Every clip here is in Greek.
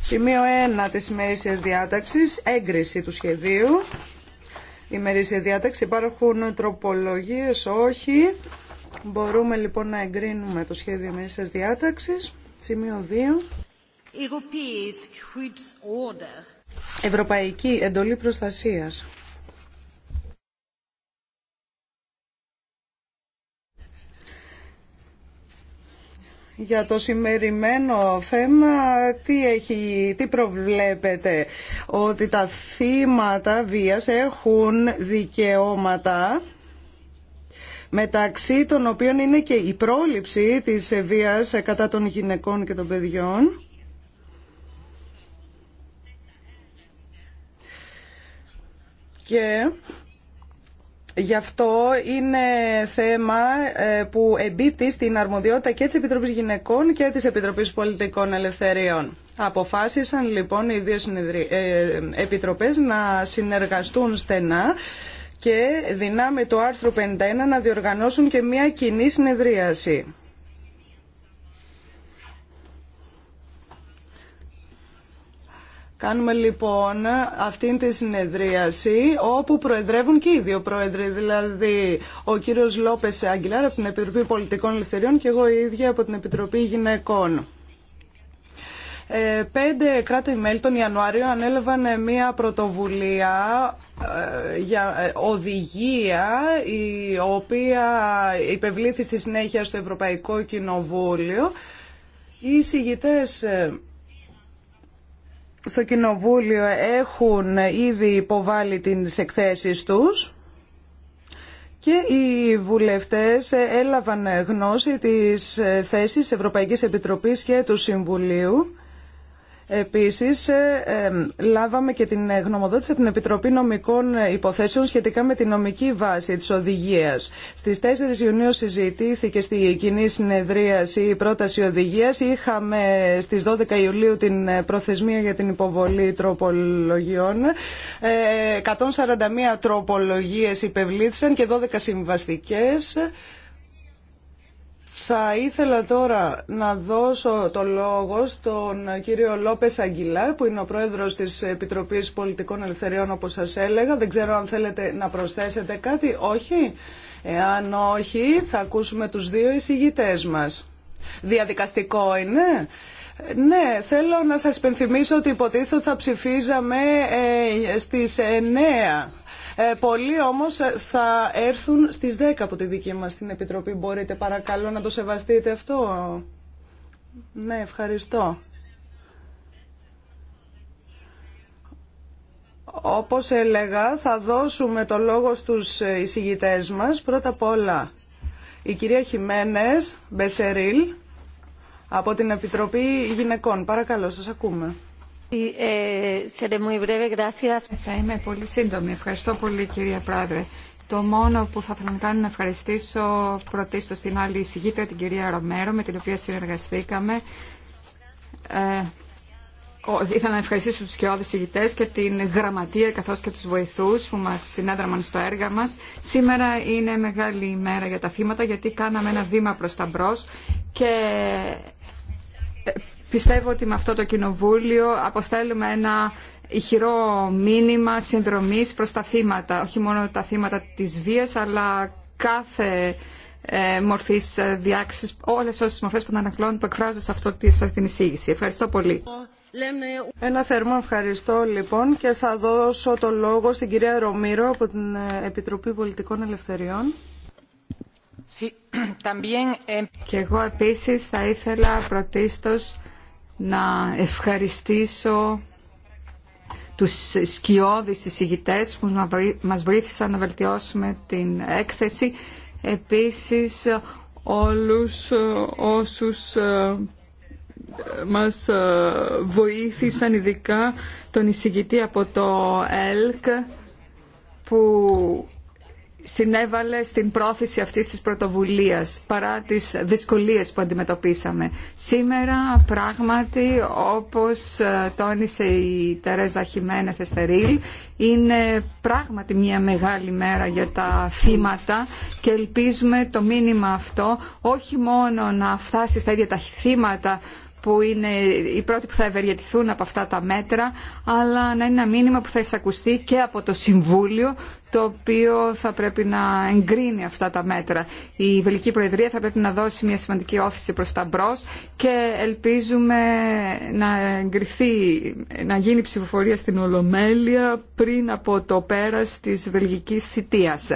Σημείο 1 της ημερήσιας διάταξης, έγκριση του σχεδίου. Ημερήσιας διάταξη υπάρχουν τροπολογίες, όχι. Μπορούμε λοιπόν να εγκρίνουμε το σχέδιο ημερήσιας διάταξης. Σημείο 2. Ευρωπαϊκή Εντολή Προστασίας. για το σημερινό θέμα τι, έχει, τι προβλέπετε ότι τα θύματα βίας έχουν δικαιώματα μεταξύ των οποίων είναι και η πρόληψη της βίας κατά των γυναικών και των παιδιών. Και Γι' αυτό είναι θέμα ε, που εμπίπτει στην αρμοδιότητα και της Επιτροπής Γυναικών και της Επιτροπής Πολιτικών Ελευθεριών. Αποφάσισαν λοιπόν οι δύο ε, επιτροπές να συνεργαστούν στενά και δυνάμει το άρθρο 51 να διοργανώσουν και μια κοινή συνεδρίαση. Κάνουμε λοιπόν αυτήν τη συνεδρίαση όπου προεδρεύουν και οι δύο πρόεδροι, δηλαδή ο κύριος Λόπες Αγγιλάρ από την Επιτροπή Πολιτικών Ελευθεριών και εγώ η ίδια από την Επιτροπή Γυναικών. Ε, πέντε κράτη-μέλη τον Ιανουάριο ανέλαβαν μια πρωτοβουλία ε, για ε, οδηγία η οποία υπευλήθη στη συνέχεια στο Ευρωπαϊκό Κοινοβούλιο. Οι συγητές ε, στο Κοινοβούλιο έχουν ήδη υποβάλει τις εκθέσεις τους και οι βουλευτές έλαβαν γνώση της θέσης Ευρωπαϊκής Επιτροπής και του Συμβουλίου Επίσης, ε, ε, λάβαμε και την γνωμοδότηση από την Επιτροπή Νομικών Υποθέσεων σχετικά με τη νομική βάση της οδηγία. Στις 4 Ιουνίου συζητήθηκε στη κοινή συνεδρίαση η πρόταση οδηγία. Είχαμε στις 12 Ιουλίου την προθεσμία για την υποβολή τροπολογιών. 141 ε, τροπολογίες υπευλήθησαν και 12 συμβαστικέ. Θα ήθελα τώρα να δώσω το λόγο στον κύριο Λόπες Αγγιλάρ που είναι ο πρόεδρος της Επιτροπής Πολιτικών Ελευθεριών όπως σας έλεγα. Δεν ξέρω αν θέλετε να προσθέσετε κάτι. Όχι. Εάν όχι θα ακούσουμε τους δύο εισηγητές μας. Διαδικαστικό είναι. Ναι, θέλω να σας πενθυμίσω ότι υποτίθεται θα ψηφίζαμε ε, στις 9. Ε, πολλοί όμως θα έρθουν στις 10 από τη δική μας την Επιτροπή. Μπορείτε παρακαλώ να το σεβαστείτε αυτό. Ναι, ευχαριστώ. Όπως έλεγα, θα δώσουμε το λόγο στους εισηγητές μας. Πρώτα απ' όλα, η κυρία Χιμένες Μπεσερίλ από την Επιτροπή Γυναικών. Παρακαλώ, σας ακούμε. Ε, ε, θα είμαι πολύ σύντομη. Ευχαριστώ πολύ κυρία Πρόεδρε. Το μόνο που θα ήθελα να κάνω να ευχαριστήσω πρωτίστως την άλλη εισηγήτρια, την κυρία Ρομέρο, με την οποία συνεργαστήκαμε. Ε, ήθελα να ευχαριστήσω τους κοιόδες ηγητές και την γραμματεία καθώς και τους βοηθούς που μας συνέδραμαν στο έργα μας. Σήμερα είναι μεγάλη ημέρα για τα θύματα γιατί κάναμε ένα βήμα προς τα μπρος και ε, πιστεύω ότι με αυτό το κοινοβούλιο αποστέλουμε ένα ηχηρό μήνυμα συνδρομής προς τα θύματα, όχι μόνο τα θύματα της βίας, αλλά κάθε ε, μορφής ε, διάκρισης, όλες όσες μορφές που ανακλώνουν που εκφράζονται σε, αυτό, σε αυτή την εισήγηση. Ευχαριστώ πολύ. Ένα θερμό ευχαριστώ λοιπόν και θα δώσω το λόγο στην κυρία Ρομύρο από την ε, Επιτροπή Πολιτικών Ελευθεριών. Eh, Και εγώ επίσης θα ήθελα πρωτίστως να ευχαριστήσω τους σκιώδεις εισηγητές που μας βοήθησαν να βελτιώσουμε την έκθεση. Επίσης όλους όσους ε, μας ε, βοήθησαν ειδικά τον εισηγητή από το ΕΛΚ που συνέβαλε στην πρόθεση αυτής της πρωτοβουλίας παρά τις δυσκολίες που αντιμετωπίσαμε. Σήμερα πράγματι όπως ε, τόνισε η Τερέζα Χιμένε Θεστερίλ, είναι πράγματι μια μεγάλη μέρα για τα θύματα και ελπίζουμε το μήνυμα αυτό όχι μόνο να φτάσει στα ίδια τα θύματα που είναι οι πρώτοι που θα ευεργετηθούν από αυτά τα μέτρα, αλλά να είναι ένα μήνυμα που θα εισακουστεί και από το Συμβούλιο, το οποίο θα πρέπει να εγκρίνει αυτά τα μέτρα. Η Βελική Προεδρία θα πρέπει να δώσει μια σημαντική όθηση προς τα μπρος και ελπίζουμε να εγκριθεί, να γίνει ψηφοφορία στην Ολομέλεια πριν από το πέρας της Βελγικής θητείας.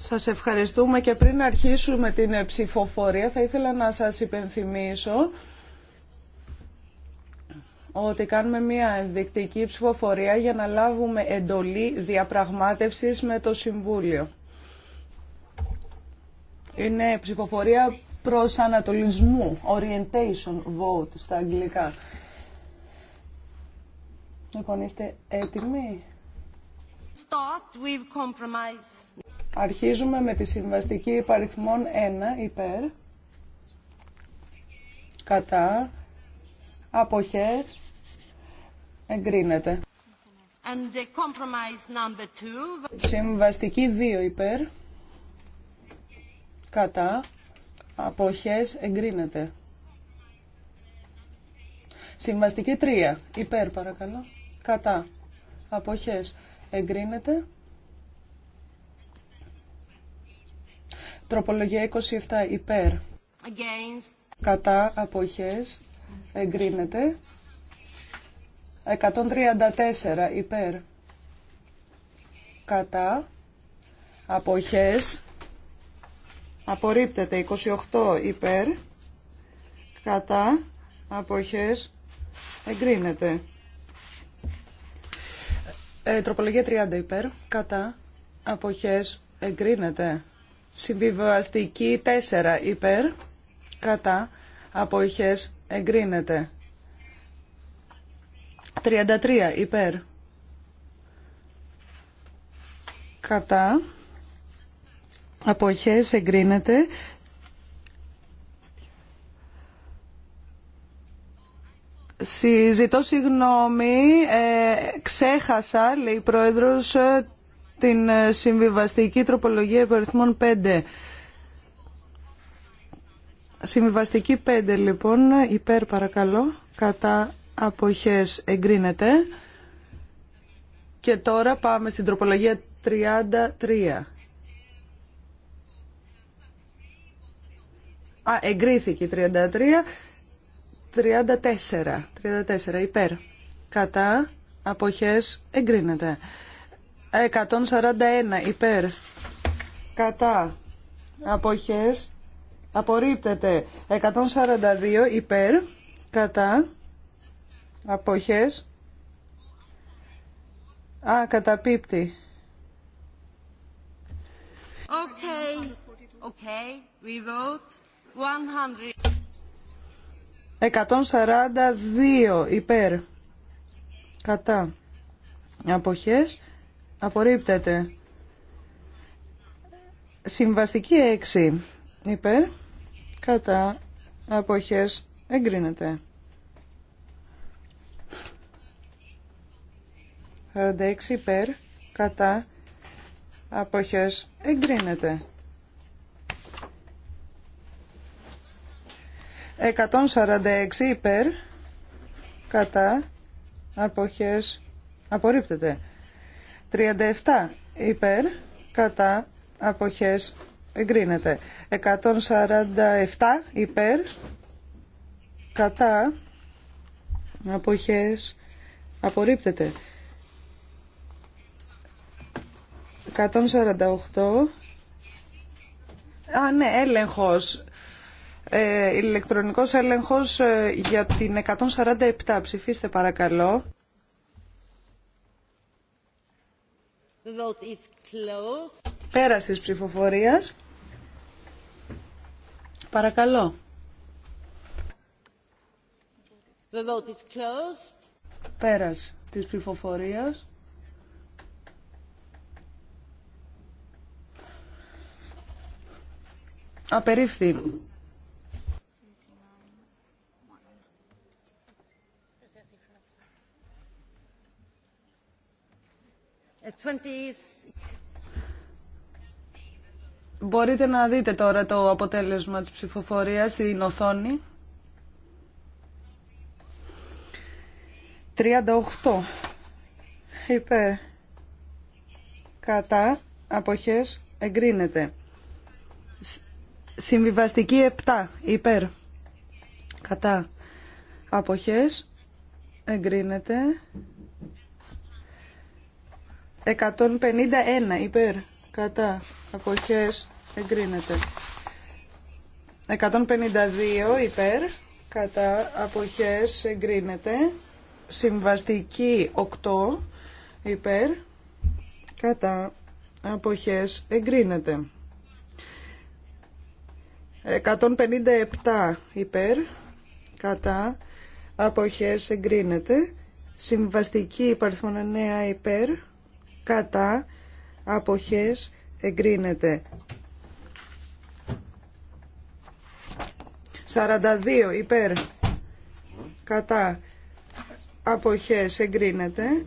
Σας ευχαριστούμε και πριν αρχίσουμε την ψηφοφορία θα ήθελα να σας υπενθυμίσω ότι κάνουμε μια ενδεικτική ψηφοφορία για να λάβουμε εντολή διαπραγμάτευσης με το Συμβούλιο. Είναι ψηφοφορία προς ανατολισμού, orientation vote στα αγγλικά. Λοιπόν, είστε έτοιμοι. Start with compromise. Αρχίζουμε με τη συμβαστική υπαριθμών 1 υπέρ, κατά, αποχές, εγκρίνεται. Συμβαστική 2 υπέρ, κατά, αποχές, εγκρίνεται. Συμβαστική 3 υπέρ παρακαλώ, κατά, αποχές, εγκρίνεται. Τροπολογία 27 υπέρ. Κατά αποχές εγκρίνεται. 134 υπέρ. Κατά αποχές απορρίπτεται. 28 υπέρ. Κατά αποχές εγκρίνεται. τροπολογία 30 υπέρ. Κατά αποχές εγκρίνεται. Συμβιβαστική 4 υπέρ, κατά, αποχές εγκρίνεται. 33 υπέρ, κατά, αποχές εγκρίνεται. Συζητώ συγγνώμη, ε, ξέχασα, λέει η Πρόεδρος, την ε, συμβιβαστική τροπολογία υπεριθμών 5. Συμβιβαστική 5 λοιπόν, υπέρ παρακαλώ, κατά αποχές εγκρίνεται. Και τώρα πάμε στην τροπολογία 33. Α, εγκρίθηκε 33. 34. 34 υπέρ. Κατά αποχές εγκρίνεται. 141 υπέρ κατά αποχές απορρίπτεται 142 υπέρ κατά αποχές α καταπίπτει okay. Okay. We vote 142 υπέρ κατά αποχές Απορρίπτεται. Συμβαστική 6. Υπέρ. Κατά. Αποχές. Εγκρίνεται. 46 υπέρ. Κατά. Αποχές. Εγκρίνεται. 146 υπέρ. Κατά. Αποχές. Απορρίπτεται. 37 υπέρ κατά αποχές εγκρίνεται 147 υπέρ κατά αποχές απορρίπτεται 148 Α, ναι, έλεγχος. Ε, ηλεκτρονικός έλεγχος ε, για την 147. Ψηφίστε παρακαλώ. Πέρας της ψηφοφορίας. Παρακαλώ. The vote is closed. Πέρας της ψηφοφορίας. Απερίφθη. Μπορείτε να δείτε τώρα το αποτέλεσμα της ψηφοφορίας στην οθόνη. 38 υπέρ κατά αποχές εγκρίνεται. Συμβιβαστική 7 υπέρ κατά αποχές εγκρίνεται. 151 υπέρ κατά αποχές εγκρίνεται 152 υπέρ κατά αποχές εγκρίνεται συμβαστική 8 υπέρ κατά αποχές εγκρίνεται 157 υπέρ κατά αποχές εγκρίνεται συμβαστική υπαρθμόν 9 υπέρ κατά αποχές εγκρίνεται 42 υπέρ κατά αποχές εγκρίνεται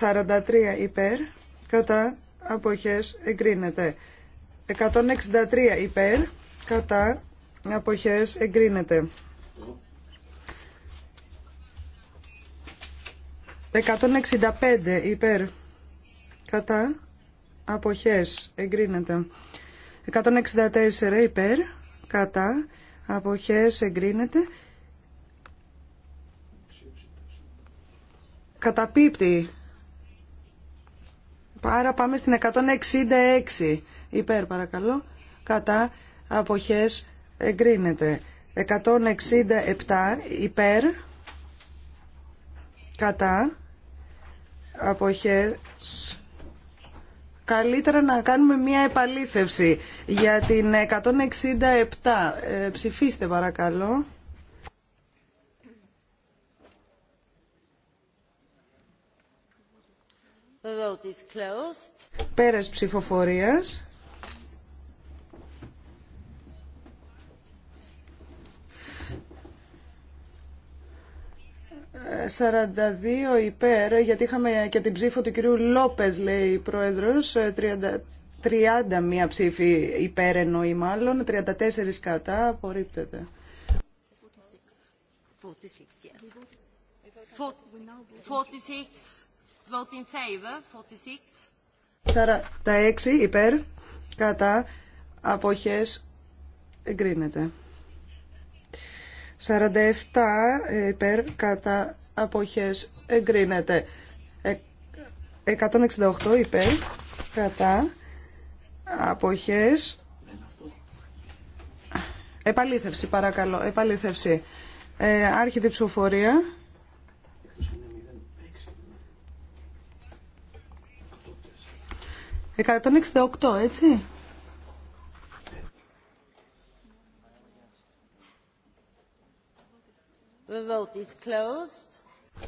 43 υπέρ κατά αποχές εγκρίνεται 163 υπέρ κατά αποχές εγκρίνεται 165 υπέρ κατά αποχές εγκρίνεται 164 υπέρ κατά αποχές εγκρίνεται καταπίπτει Άρα πάμε στην 166 υπέρ παρακαλώ κατά αποχές εγκρίνεται 167 υπέρ κατά αποχές καλύτερα να κάνουμε μια επαλήθευση για την 167 ε, ψηφίστε παρακαλώ The ψηφοφορίας 42 υπέρ, γιατί είχαμε και την ψήφο του κυρίου Λόπες, λέει η Πρόεδρος, 30, ε, 30 μία ψήφη υπέρ εννοεί μάλλον, 34 κατά, απορρίπτεται. 46, 46 υπέρ, κατά, αποχές, εγκρίνεται. 47 ε, υπέρ κατά αποχές εγκρίνεται. 168 ε, υπέρ κατά αποχές επαλήθευση παρακαλώ επαλήθευση ε, ψηφοφορία ...168, έτσι.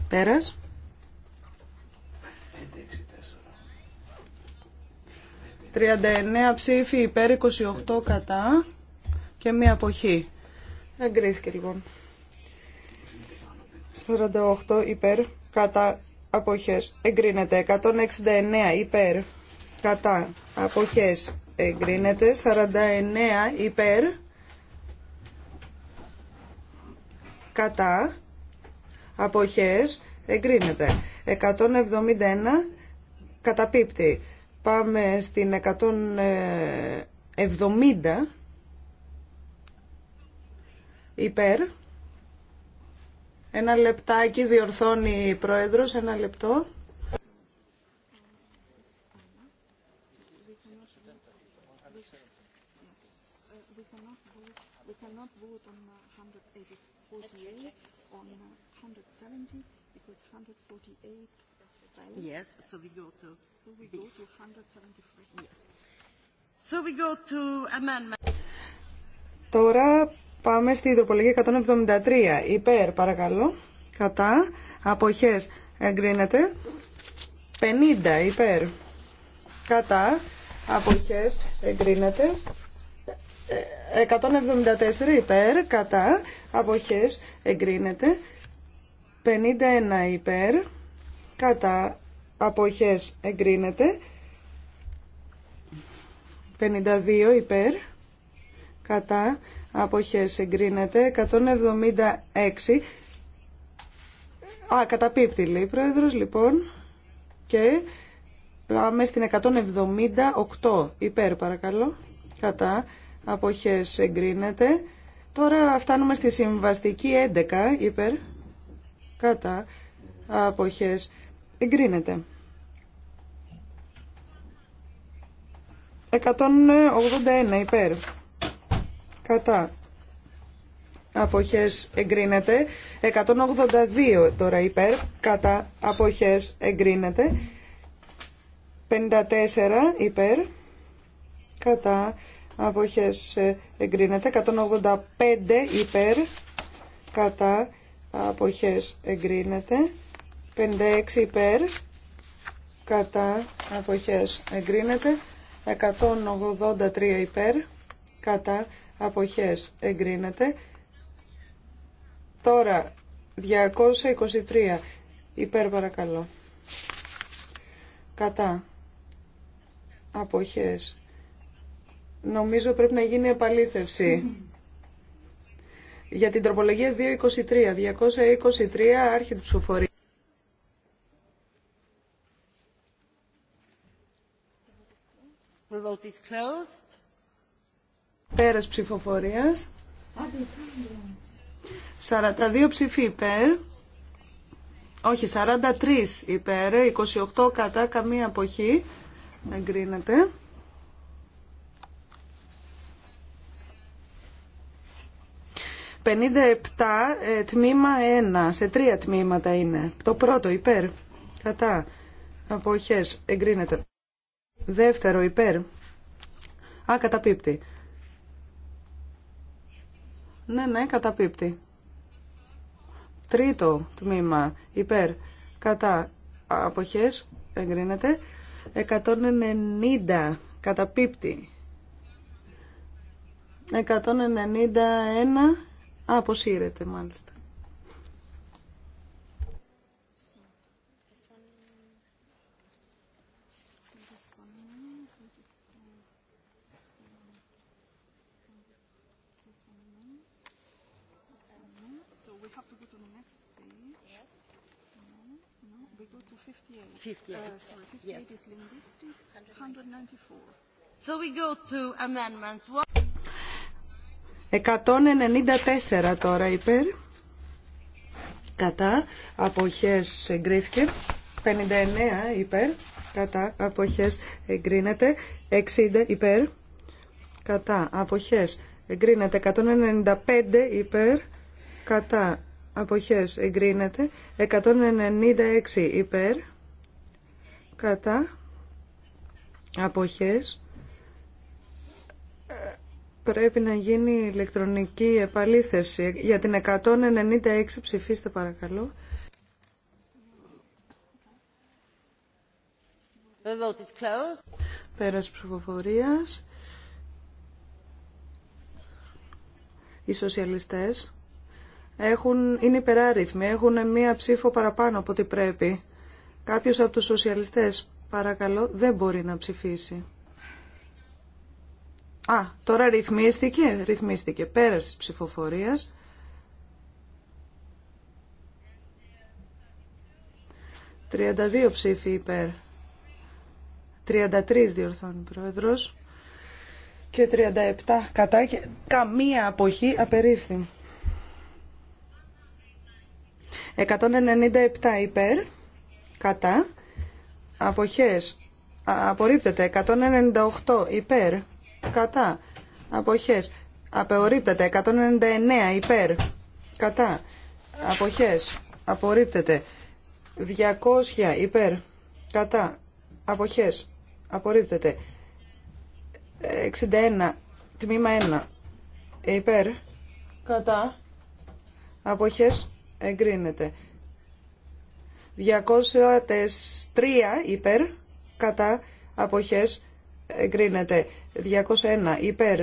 Πέρας. 39 ψήφοι υπέρ 28 κατά και μία αποχή. Εγκρίθηκε λοιπόν. 48 υπέρ κατά αποχές. Εγκρίνεται. 169 υπέρ κατά αποχές. Εγκρίνεται. 49 υπέρ κατά αποχές εγκρίνεται 171 καταπίπτει πάμε στην 170 υπέρ ένα λεπτάκι διορθώνει η πρόεδρος ένα λεπτό 148 on 170 uh, because 148 fell. Yes, so we go to So we go to 173. Yes. So we go to amendment. Τώρα πάμε στη τροπολογία 173. Υπέρ, παρακαλώ. Κατά. Αποχές. Εγκρίνεται. 50. Υπέρ. Κατά. Αποχές. Εγκρίνεται. 174 υπέρ, κατά, αποχές, εγκρίνεται. 51 υπέρ, κατά, αποχές, εγκρίνεται. 52 υπέρ, κατά, αποχές, εγκρίνεται. 176 Α, καταπίπτει λέει πρόεδρος, λοιπόν. Και πάμε στην 178 υπέρ, παρακαλώ. Κατά αποχές εγκρίνεται. Τώρα φτάνουμε στη συμβαστική 11 υπέρ κατά αποχές εγκρίνεται. 181 υπέρ κατά αποχές εγκρίνεται 182 τώρα υπέρ κατά αποχές εγκρίνεται 54 υπέρ κατά αποχές ε, εγκρίνεται 185 υπέρ κατά αποχές εγκρίνεται 56 υπέρ κατά αποχές εγκρίνεται 183 υπέρ κατά αποχές εγκρίνεται τώρα 223 υπέρ παρακαλώ κατά αποχές Νομίζω πρέπει να γίνει επαλήθευση. Για την τροπολογία 223, 223 άρχεται ψηφοφορία. Πέρας ψηφοφορίας. 42 ψηφί υπέρ. Όχι, 43 υπέρ, 28 κατά, καμία αποχή. Εγκρίνεται. 57 ε, τμήμα 1. Σε τρία τμήματα είναι. Το πρώτο υπέρ. Κατά. Αποχές. Εγκρίνεται. Δεύτερο υπέρ. Α, καταπίπτει. Ναι, ναι, καταπίπτει. Τρίτο τμήμα υπέρ. Κατά. Αποχές. Εγκρίνεται. 190. Καταπίπτει. 191 Αποσύρεται μάλιστα. So we go to amendments. 194 τώρα υπέρ. Κατά αποχές εγκρίθηκε. 59 υπέρ. Κατά αποχές εγκρίνεται. 60 υπέρ. Κατά αποχές εγκρίνεται. 195 υπέρ. Κατά αποχές εγκρίνεται. 196 υπέρ. Κατά αποχές πρέπει να γίνει ηλεκτρονική επαλήθευση. Για την 196 ψηφίστε παρακαλώ. The vote is closed. Οι σοσιαλιστές έχουν, είναι υπεράριθμοι, έχουν μία ψήφο παραπάνω από ό,τι πρέπει. Κάποιος από τους σοσιαλιστές, παρακαλώ, δεν μπορεί να ψηφίσει. Α, τώρα ρυθμίστηκε, ρυθμίστηκε, πέρας ψηφοφορίας. 32 ψήφοι υπέρ. 33 διορθώνει ο Πρόεδρος. Και 37 κατά και καμία αποχή απερίφθη. 197 υπέρ, κατά, αποχές, απορρίπτεται, 198 υπέρ, κατά αποχές Απεορίπτεται. 199 υπέρ κατά αποχές απορρίπτεται 200 υπέρ κατά αποχές απορρίπτεται 61 τμήμα 1 υπέρ κατά αποχές εγκρίνεται 203 υπέρ κατά αποχές εγκρίνεται 201 υπέρ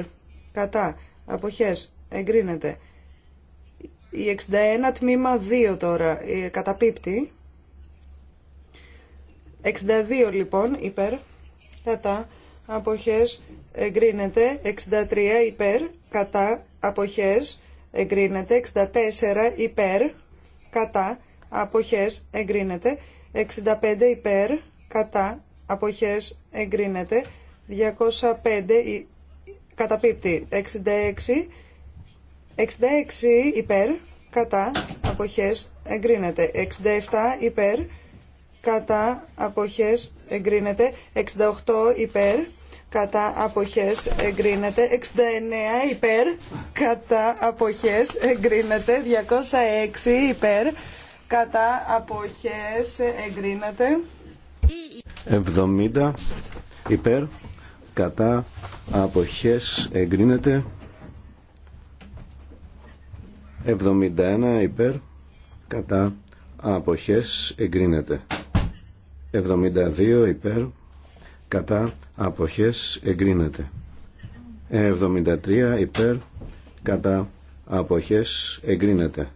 κατά αποχές εγκρίνεται η 61 τμήμα 2 τώρα ε, καταπίπτει 62 λοιπόν υπέρ κατά αποχές εγκρίνεται 63 υπέρ κατά αποχές εγκρίνεται 64 υπέρ κατά αποχές εγκρίνεται 65 υπέρ κατά αποχές εγκρίνεται 205 καταπίπτει 66 66 υπέρ κατά αποχές εγκρίνεται 67 υπέρ κατά αποχές εγκρίνεται 68 υπέρ κατά αποχές εγκρίνεται 69 υπέρ κατά αποχές εγκρίνεται 206 υπέρ κατά αποχές εγκρίνεται 70 υπέρ κατά αποχές εγκρίνεται 71 υπέρ κατά αποχές εγκρίνεται 72 υπέρ κατά αποχές εγκρίνεται 73 υπέρ κατά αποχές εγκρίνεται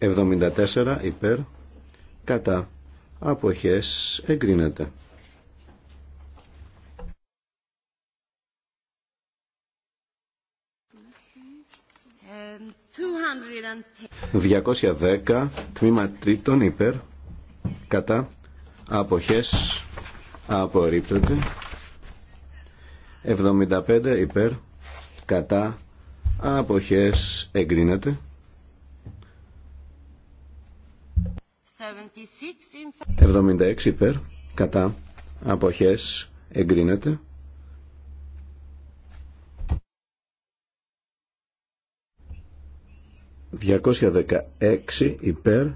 74 υπέρ κατά αποχές εγκρίνεται 210 τμήμα τρίτον υπέρ κατά αποχές απορρίπτονται 75 υπέρ κατά αποχές εγκρίνεται 76 υπέρ κατά αποχές εγκρίνεται 216 υπέρ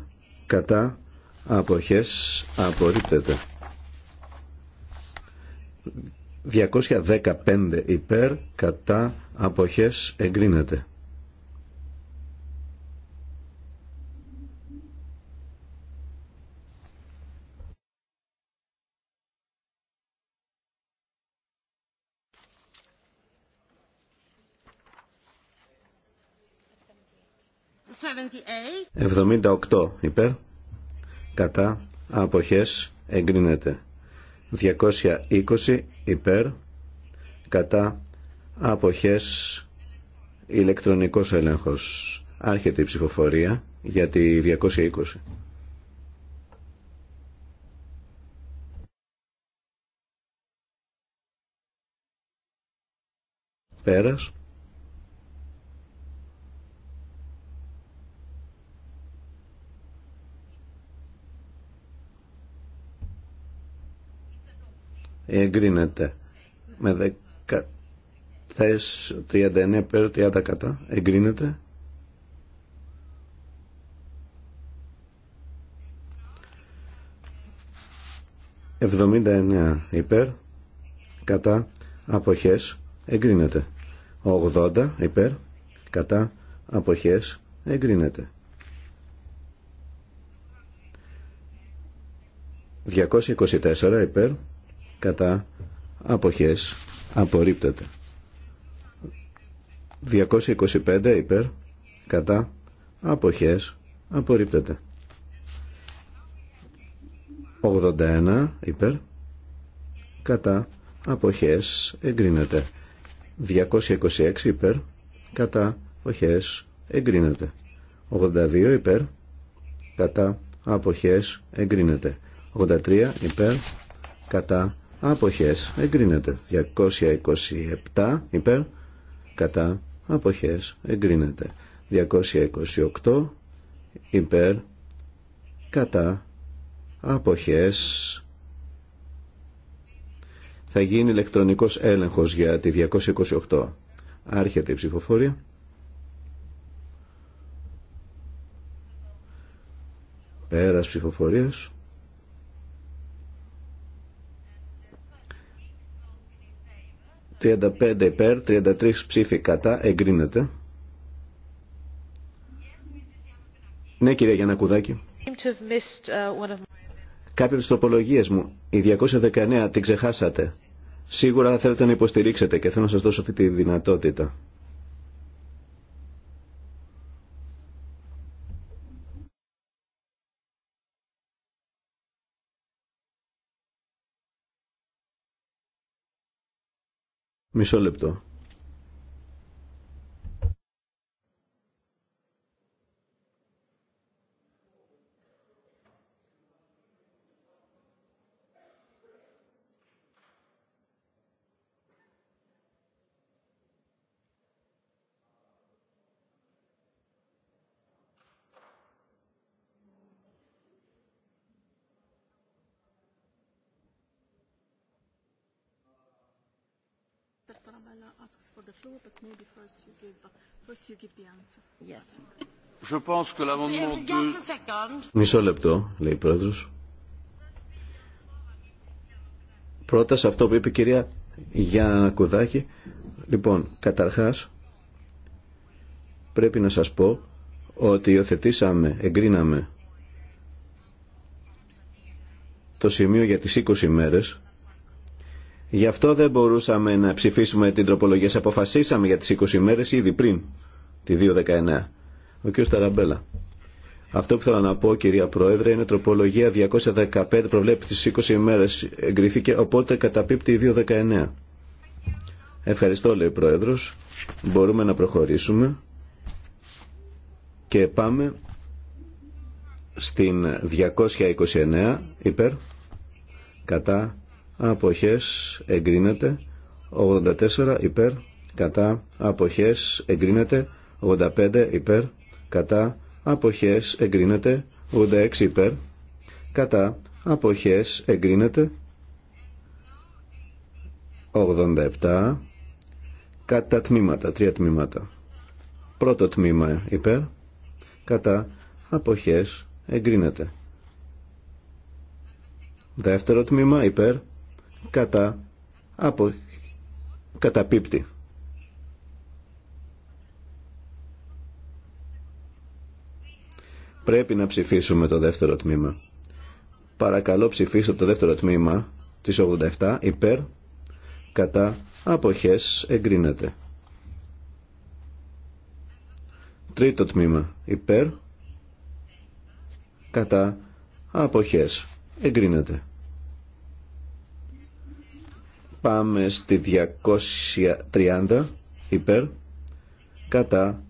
κατά αποχές απορρίπτεται 215 υπέρ κατά αποχές εγκρίνεται 78 υπέρ κατά αποχές εγκρίνεται 220 υπέρ κατά αποχές ηλεκτρονικός έλεγχος άρχεται η ψηφοφορία για τη 220 πέρας εγκρίνεται με 10 θες 39 πέρα 30 κατά εγκρίνεται ...79 υπέρ... ...κατά... ...αποχές... ...εγκρίνεται... ...80 υπέρ... ...κατά... ...αποχές... ...εγκρίνεται... ...224 υπέρ κατά αποχές απορρίπτεται 225 υπέρ κατά αποχές απορρίπτεται 81 υπέρ κατά αποχές εγκρίνεται 226 υπέρ κατά αποχές εγκρίνεται 82 υπέρ κατά αποχές εγκρίνεται 83 υπέρ κατά αποχές εγκρίνεται 227 υπέρ κατά αποχές εγκρίνεται 228 υπέρ κατά αποχές θα γίνει ηλεκτρονικός έλεγχος για τη 228 άρχεται η ψηφοφορία πέρας ψηφοφορίας 35 υπέρ, 33 ψήφοι κατά, εγκρίνεται. Ναι κυρία Γιανακουδάκη. Κάποιες τροπολογίες μου, η 219 την ξεχάσατε. Σίγουρα θα θέλετε να υποστηρίξετε και θέλω να σας δώσω αυτή τη δυνατότητα. Μισό λεπτό. Μισό λεπτό, λέει η πρόεδρο. Πρώτα σε αυτό που είπε η κυρία Γιάννα Κουδάκη. Λοιπόν, καταρχάς, πρέπει να σας πω ότι υιοθετήσαμε, εγκρίναμε το σημείο για τις 20 ημέρες Γι' αυτό δεν μπορούσαμε να ψηφίσουμε την τροπολογία. Σε αποφασίσαμε για τις 20 ημέρες ήδη πριν τη 2.19. Ο κ. Σταραμπέλα. Αυτό που θέλω να πω, κυρία Πρόεδρε, είναι τροπολογία 215 προβλέπει τις 20 ημέρες εγκρίθηκε, οπότε καταπίπτει η 2.19. Ευχαριστώ, λέει ο Πρόεδρος. Μπορούμε να προχωρήσουμε. Και πάμε στην 229 υπέρ κατά αποχές εγκρίνεται 84 υπέρ κατά αποχές εγκρίνεται 85 υπέρ κατά αποχές εγκρίνεται 86 υπέρ κατά αποχές εγκρίνεται 87 κατά τμήματα, τρία τμήματα. Πρώτο τμήμα υπέρ, κατά αποχές εγκρίνεται. Δεύτερο τμήμα υπέρ, κατά από Πρέπει να ψηφίσουμε το δεύτερο τμήμα. Παρακαλώ ψηφίστε το δεύτερο τμήμα της 87 υπέρ κατά αποχές εγκρίνεται. Τρίτο τμήμα υπέρ κατά αποχές εγκρίνεται. Πάμε στη 230 υπέρ κατά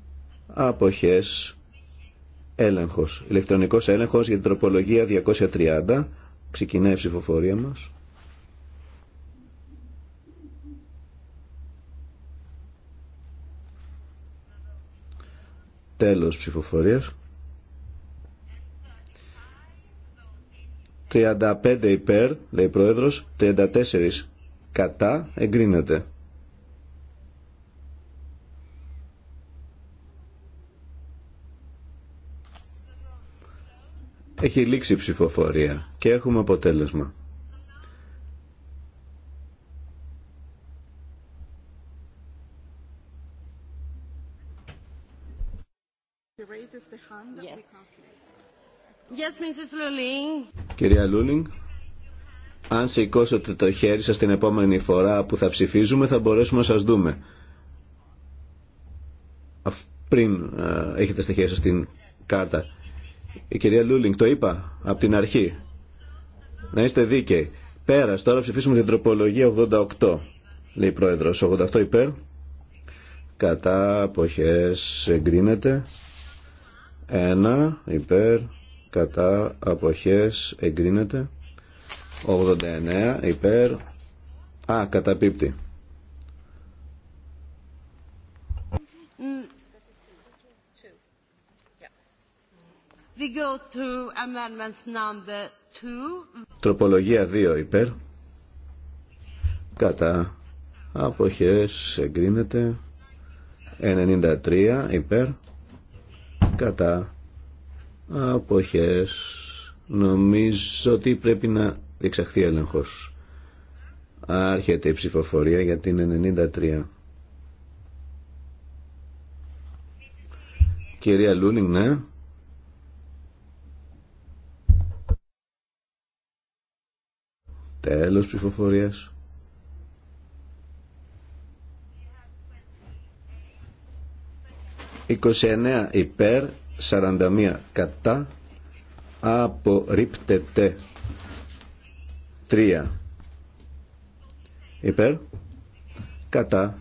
αποχές έλεγχος. Ηλεκτρονικός έλεγχος για την τροπολογία 230. Ξεκινάει η ψηφοφορία μας. Τέλος ψηφοφορίας. 35 υπέρ, λέει πρόεδρος, 34 κατά εγκρίνεται. Έχει λήξει η ψηφοφορία και έχουμε αποτέλεσμα. Yes. Yes, Κυρία Λούλινγκ. Αν σηκώσετε το χέρι σας την επόμενη φορά που θα ψηφίζουμε θα μπορέσουμε να σας δούμε. Πριν έχετε στα χέρια σας την κάρτα. Η κυρία Λούλινγκ, το είπα από την αρχή. Να είστε δίκαιοι. Πέρα, τώρα ψηφίσουμε την τροπολογία 88, λέει η πρόεδρο. 88 υπέρ. Κατά αποχές εγκρίνεται. 1 υπέρ. Κατά αποχές εγκρίνεται. 89 υπέρ α καταπίπτει We go to amendments number two. Τροπολογία 2 υπέρ. Κατά. Αποχές εγκρίνεται. 93 υπέρ. Κατά. Αποχές. Νομίζω ότι πρέπει να διεξαχθεί έλεγχο. Άρχεται η ψηφοφορία για την 93. Κυρία Λούλινγκ, ναι. Τέλος ψηφοφορίας. 29 υπέρ, 41 κατά, απορρίπτεται. 3 υπέρ κατά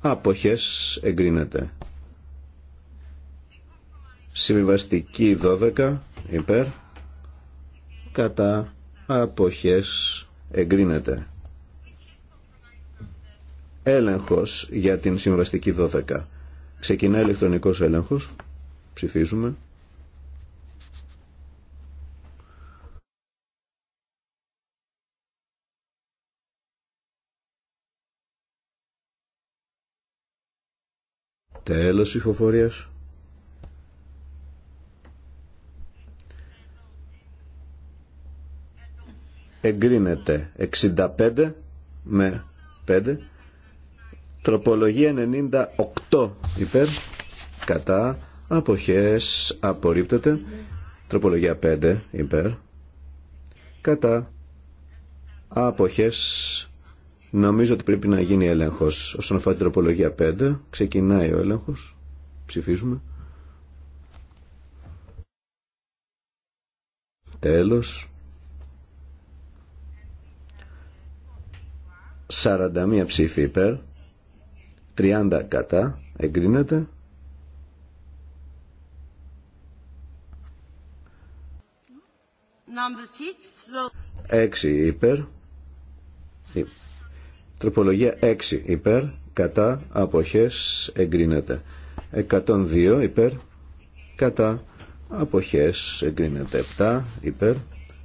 άποχες εγκρίνεται συμβιβαστική 12 υπέρ κατά άποχες εγκρίνεται έλεγχος για την συμβαστική 12 ξεκινά ηλεκτρονικός έλεγχος ψηφίζουμε Τέλος ψηφοφορίας. Εγκρίνεται 65 με 5. Τροπολογία 98 υπέρ. Κατά. Αποχές απορρίπτεται. Τροπολογία 5 υπέρ. Κατά. Αποχές Νομίζω ότι πρέπει να γίνει έλεγχος όσον αφορά την τροπολογία 5. Ξεκινάει ο έλεγχος. Ψηφίζουμε. Τέλος. 41 ψήφοι υπέρ. 30 κατά. Εγκρίνεται. 6 υπέρ. Ε, Τροπολογία 6 υπέρ, κατά, αποχές, εγκρίνεται. 102 υπέρ, κατά, αποχές, εγκρίνεται. 7 υπέρ,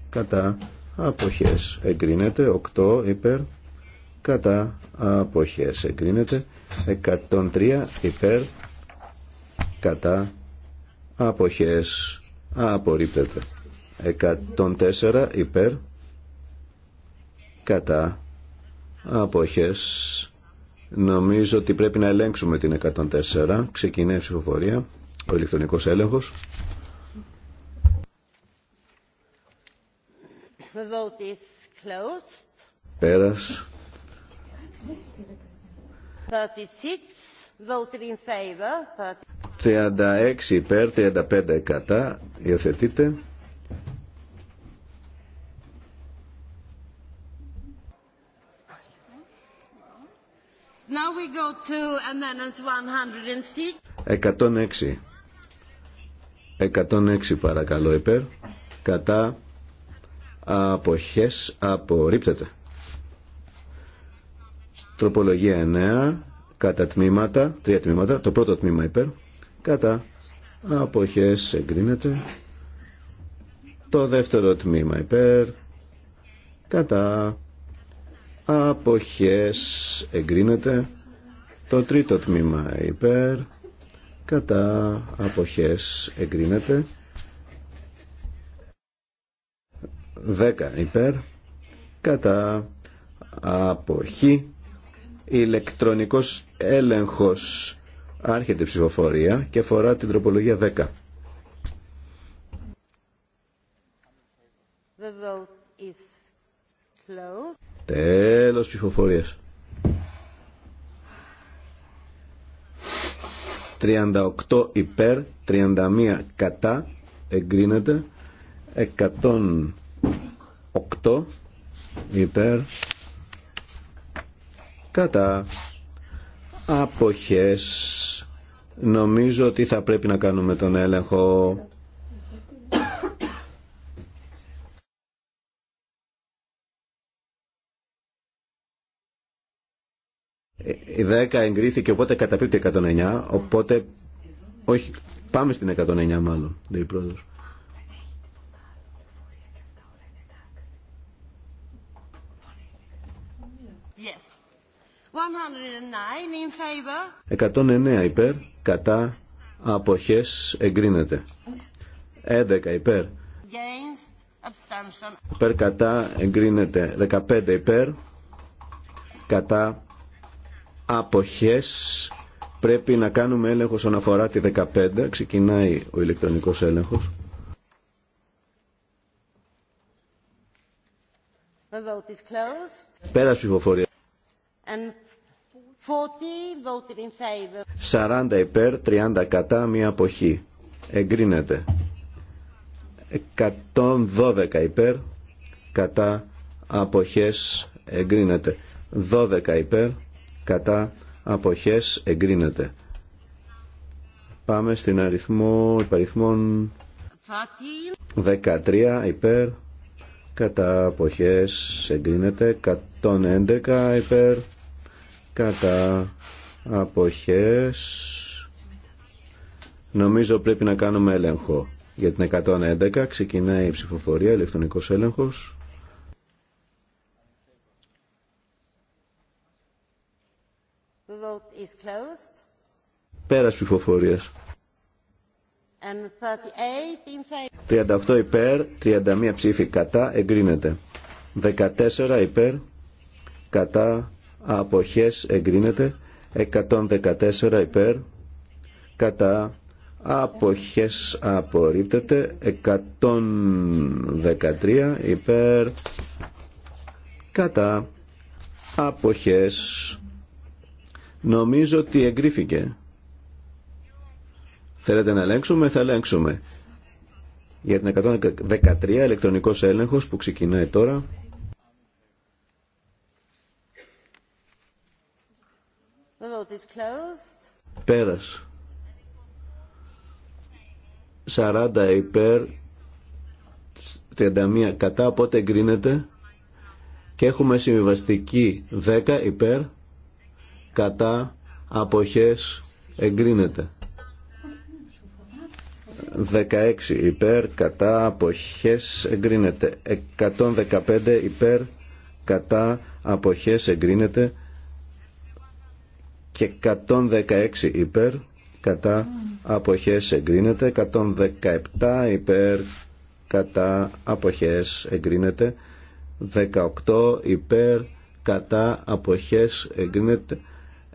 κατά, αποχές, εγκρίνεται. 8 υπέρ, κατά, αποχές, εγκρίνεται. 103 υπέρ, κατά, αποχές, απορρίπτεται. 104 υπέρ, κατά, Αποχές. Νομίζω ότι πρέπει να ελέγξουμε την 104. Ξεκινάει η ψηφοφορία. Ο ηλεκτρονικός έλεγχος. The vote is closed. Πέρας. 36 υπέρ, 35 εκατά. Υιοθετείτε. 106. 106. παρακαλώ υπέρ. Κατά αποχές απορρίπτεται. Τροπολογία 9. Κατά τμήματα. Τρία τμήματα. Το πρώτο τμήμα υπέρ. Κατά αποχές εγκρίνεται. Το δεύτερο τμήμα υπέρ. Κατά αποχές εγκρίνεται το τρίτο τμήμα υπέρ κατά αποχές εγκρίνεται 10 υπέρ κατά αποχή ηλεκτρονικός έλεγχος άρχεται ψηφοφορία και αφορά την τροπολογία 10 The vote is closed. Τέλος ψηφοφορίας. 38 υπέρ, 31 κατά, εγκρίνεται, 108 υπέρ, κατά, αποχές. Νομίζω ότι θα πρέπει να κάνουμε τον έλεγχο Η 10 εγκρίθηκε, οπότε καταπίπτει 109. Οπότε. Όχι, πάμε στην 109 μάλλον, λέει η πρόεδρο. Yes. 109 υπέρ, κατά, αποχές, εγκρίνεται. 11 υπέρ. Υπέρ κατά εγκρίνεται 15 υπέρ, κατά αποχές πρέπει να κάνουμε έλεγχο όσον αφορά τη 15. Ξεκινάει ο ηλεκτρονικός έλεγχος. Πέρα 40, 40 υπέρ, 30 κατά, μία αποχή. Εγκρίνεται. 112 υπέρ, κατά, αποχές, εγκρίνεται. 12 υπέρ, κατά αποχές εγκρίνεται. Πάμε στην αριθμό υπαριθμών 13 υπέρ κατά αποχές εγκρίνεται 111 υπέρ κατά αποχές νομίζω πρέπει να κάνουμε έλεγχο για την 111 ξεκινάει η ψηφοφορία ηλεκτρονικός έλεγχος Πέρας ψηφοφορίας. 38 υπέρ, 31 ψήφι κατά, εγκρίνεται. 14 υπέρ, κατά, αποχές, εγκρίνεται. 114 υπέρ, κατά, αποχές, απορρίπτεται. 113 υπέρ, κατά, αποχές, Νομίζω ότι εγκρίθηκε. Θέλετε να ελέγξουμε, θα ελέγξουμε. Για την 113 ηλεκτρονικός έλεγχος που ξεκινάει τώρα. Πέρας. 40 υπέρ, 31 κατά, οπότε εγκρίνεται. Και έχουμε συμβιβαστική 10 υπέρ, κατά αποχές εγκρίνεται 16 υπέρ κατά αποχές εγκρίνεται 115 υπέρ κατά αποχές εγκρίνεται και 116 υπέρ κατά αποχές εγκρίνεται 117 υπέρ κατά αποχές εγκρίνεται 18 υπέρ κατά αποχές εγκρίνεται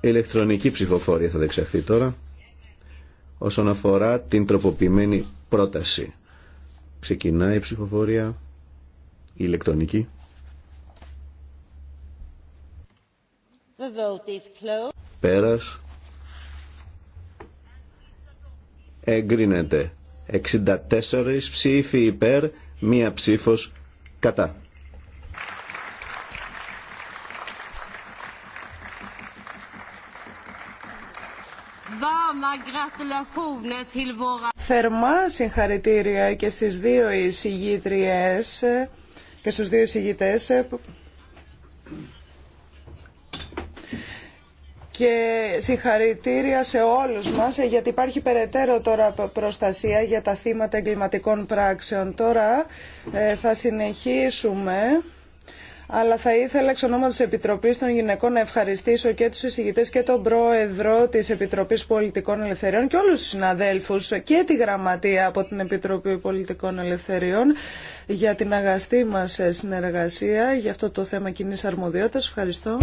ηλεκτρονική ψηφοφορία θα δεξαχθεί τώρα όσον αφορά την τροποποιημένη πρόταση. Ξεκινάει η ψηφοφορία η ηλεκτρονική. Πέρας. Εγκρίνεται. 64 ψήφοι υπέρ, μία ψήφος κατά. Θερμά συγχαρητήρια και στις δύο εισηγήτριες και στους δύο εισηγητές και συγχαρητήρια σε όλους μας γιατί υπάρχει περαιτέρω τώρα προστασία για τα θύματα εγκληματικών πράξεων. Τώρα ε, θα συνεχίσουμε αλλά θα ήθελα εξ ονόματο τη Επιτροπής των Γυναικών να ευχαριστήσω και του εισηγητές και τον Πρόεδρο της Επιτροπής Πολιτικών Ελευθεριών και όλους τους συναδέλφου και τη Γραμματεία από την Επιτροπή Πολιτικών Ελευθεριών για την αγαστή μας συνεργασία για αυτό το θέμα κοινή αρμοδιότητα. Ευχαριστώ.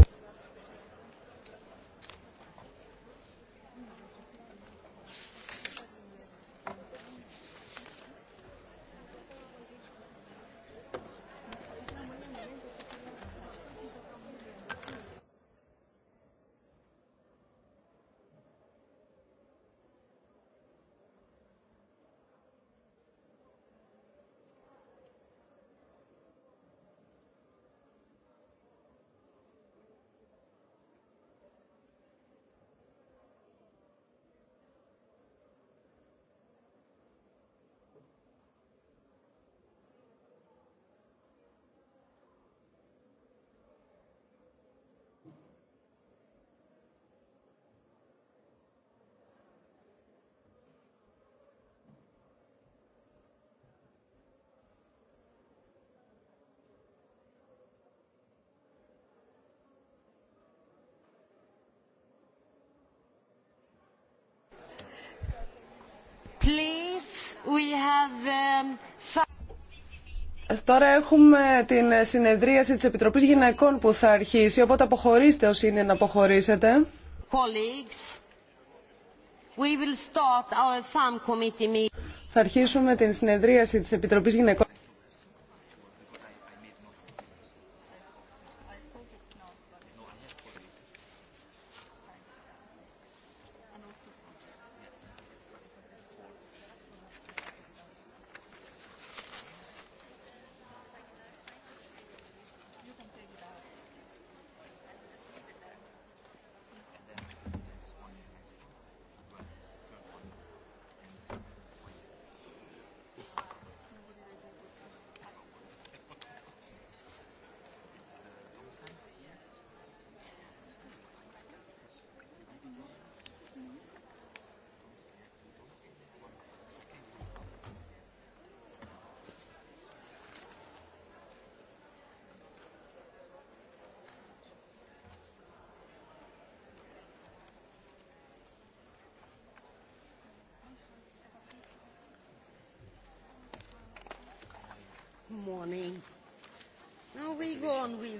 Um, τώρα έχουμε την συνεδρίαση της Επιτροπής Γυναικών που θα αρχίσει, οπότε αποχωρήστε όσοι είναι να αποχωρήσετε. we will start our committee meeting. Θα αρχίσουμε την συνεδρίαση της Επιτροπής Γυναικών.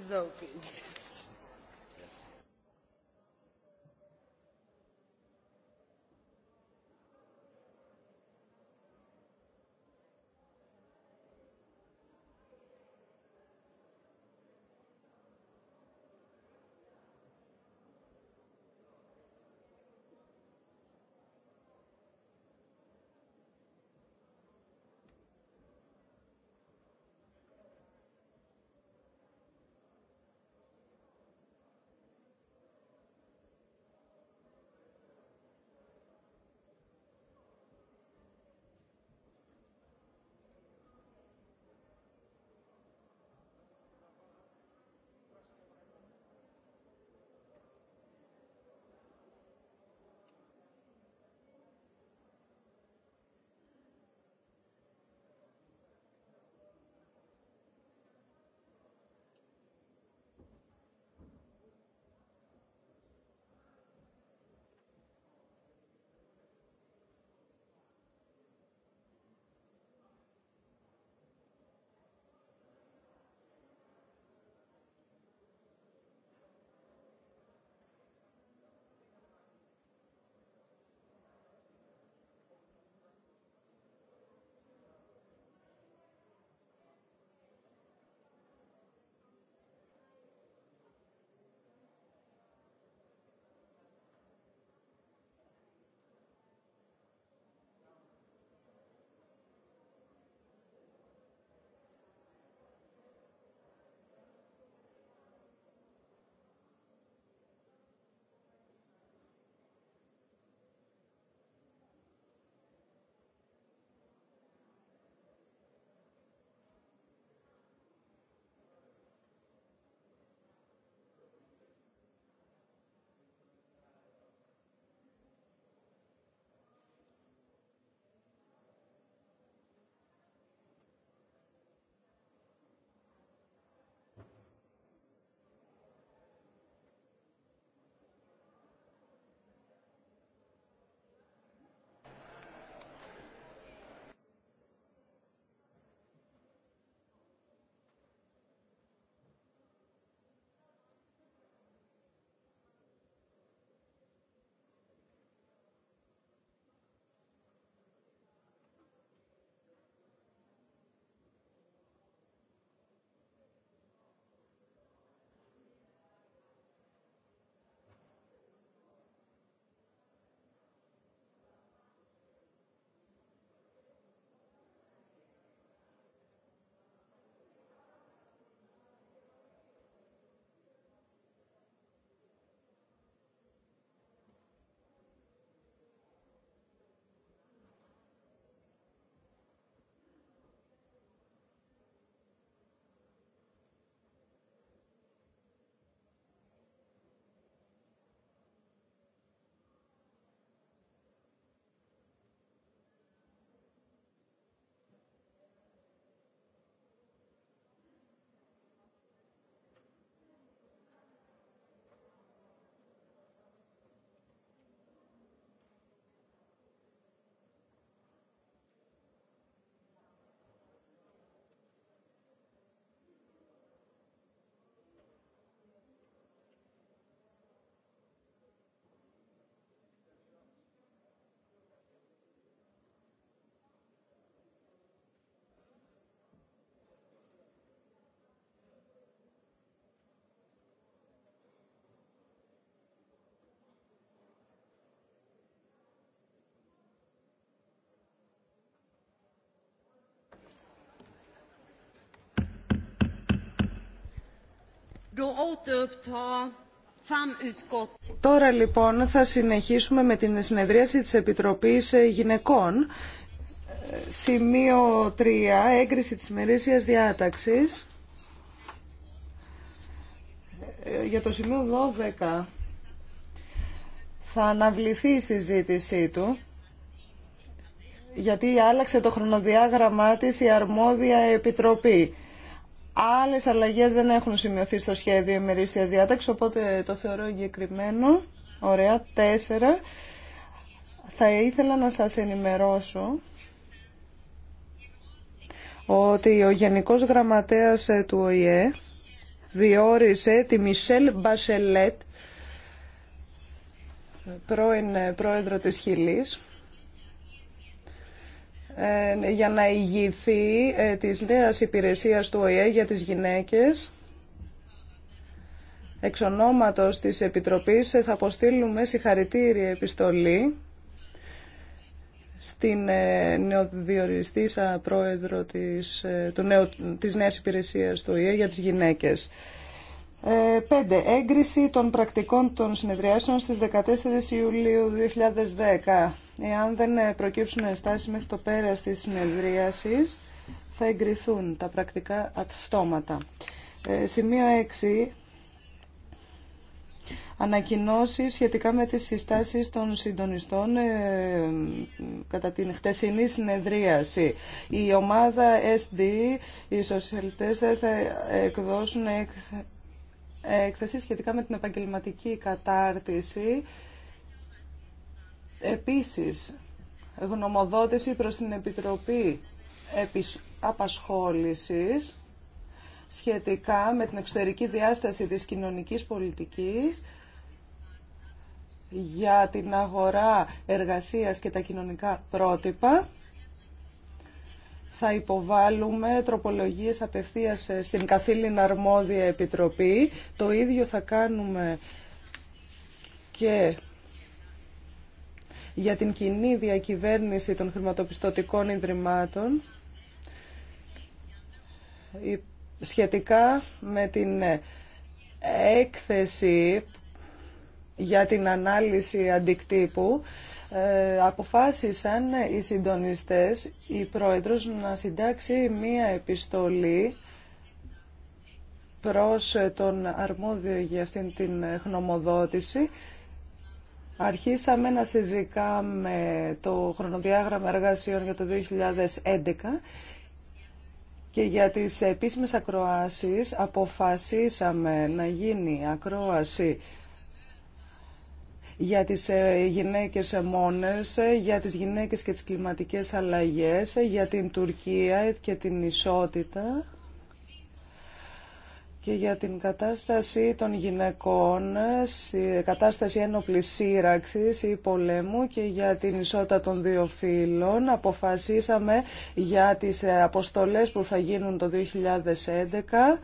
voting. Τώρα λοιπόν θα συνεχίσουμε με την συνεδρίαση της Επιτροπής ε, Γυναικών. Σημείο 3. Έγκριση της μερίσιας διάταξης. Ε, για το σημείο 12 θα αναβληθεί η συζήτησή του γιατί άλλαξε το χρονοδιάγραμμά της η αρμόδια επιτροπή. Άλλες αλλαγές δεν έχουν σημειωθεί στο σχέδιο ημερήσιας διάταξης, οπότε το θεωρώ εγκεκριμένο. Ωραία, τέσσερα. Θα ήθελα να σας ενημερώσω ότι ο Γενικός Γραμματέας του ΟΗΕ διόρισε τη Μισελ Μπασελέτ, πρώην πρόεδρο της Χιλής, ε, για να ηγηθεί ε, της νέας υπηρεσίας του ΟΗΕ για τις γυναίκες. Εξ ονόματος της Επιτροπής ε, θα αποστείλουμε συγχαρητήρια επιστολή στην νεοδιοριστήσα πρόεδρο της, του νέου, της νέας υπηρεσίας του ΟΗΕ για τις γυναίκες. 5. Έγκριση των πρακτικών των συνεδριάσεων στις 14 Ιουλίου 2010. Εάν δεν ε, προκύψουν στάσεις μέχρι το πέρας της συνεδρίασης, θα εγκριθούν τα πρακτικά αυτόματα. Ε, σημείο 6. Ανακοινώσεις σχετικά με τις συστάσεις των συντονιστών ε, κατά την χτεσινή συνεδρίαση. Η ομάδα SD, οι σοσιαλιστές, θα εκδώσουν έκθεση σχετικά με την επαγγελματική κατάρτιση Επίσης, γνωμοδότηση προς την Επιτροπή Απασχόλησης σχετικά με την εξωτερική διάσταση της κοινωνικής πολιτικής για την αγορά εργασίας και τα κοινωνικά πρότυπα. Θα υποβάλουμε τροπολογίες απευθείας στην καθήλυνα αρμόδια επιτροπή. Το ίδιο θα κάνουμε και για την κοινή διακυβέρνηση των χρηματοπιστωτικών ιδρυμάτων σχετικά με την ε, έκθεση για την ανάλυση αντικτύπου ε, αποφάσισαν οι συντονιστές, η Πρόεδρος, να συντάξει μία επιστολή προς τον αρμόδιο για αυτήν την χνομοδότηση Αρχίσαμε να συζητάμε το χρονοδιάγραμμα εργασιών για το 2011 και για τις επίσημες ακροάσεις αποφασίσαμε να γίνει ακρόαση για τις ε, γυναίκες μόνες, ε, για τις γυναίκες και τις κλιματικές αλλαγές, ε, για την Τουρκία και την ισότητα και για την κατάσταση των γυναικών, κατάσταση ένοπλης σύραξης ή πολέμου και για την ισότητα των δύο φύλων. Αποφασίσαμε για τις αποστολές που θα γίνουν το 2011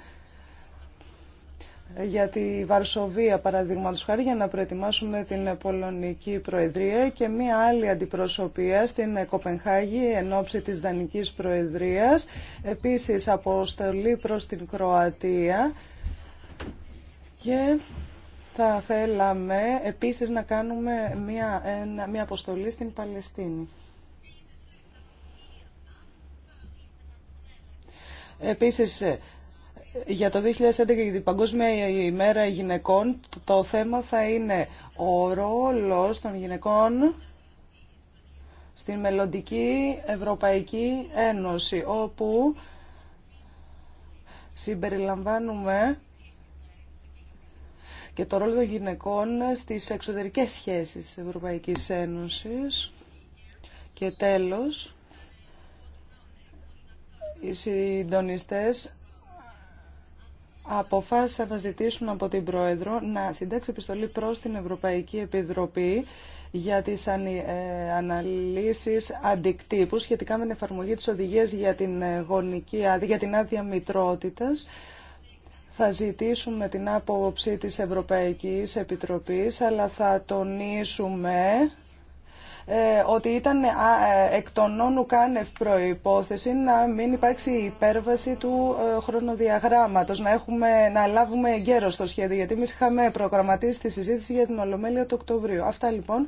για τη Βαρσοβία παραδείγματο χάρη για να προετοιμάσουμε την Πολωνική Προεδρία και μία άλλη αντιπροσωπεία στην Κοπενχάγη εν ώψη της Δανικής Προεδρίας. Επίσης αποστολή προς την Κροατία και θα θέλαμε επίσης να κάνουμε μία, μία αποστολή στην Παλαιστίνη. Επίσης για το 2011 και την Παγκόσμια ημέρα γυναικών το θέμα θα είναι ο ρόλος των γυναικών στην μελλοντική Ευρωπαϊκή Ένωση όπου συμπεριλαμβάνουμε και το ρόλο των γυναικών στις εξωτερικές σχέσεις της Ευρωπαϊκής Ένωσης και τέλος οι συντονιστές αποφάσισαν να ζητήσουν από την Πρόεδρο να συντάξει επιστολή προς την Ευρωπαϊκή Επιτροπή για τις ε, αναλύσεις αντικτύπου σχετικά με την εφαρμογή της οδηγίας για την, ε, γονική, για την άδεια μητρότητας. Θα ζητήσουμε την άποψη της Ευρωπαϊκής Επιτροπής, αλλά θα τονίσουμε ε, ότι ήταν ε, εκ των όνου κάνευ προϋπόθεση να μην υπάρξει υπέρβαση του ε, χρονοδιαγράμματος, να, έχουμε, να λάβουμε γέρο στο σχέδιο, γιατί εμείς είχαμε προγραμματίσει τη συζήτηση για την Ολομέλεια του Οκτωβρίου. Αυτά λοιπόν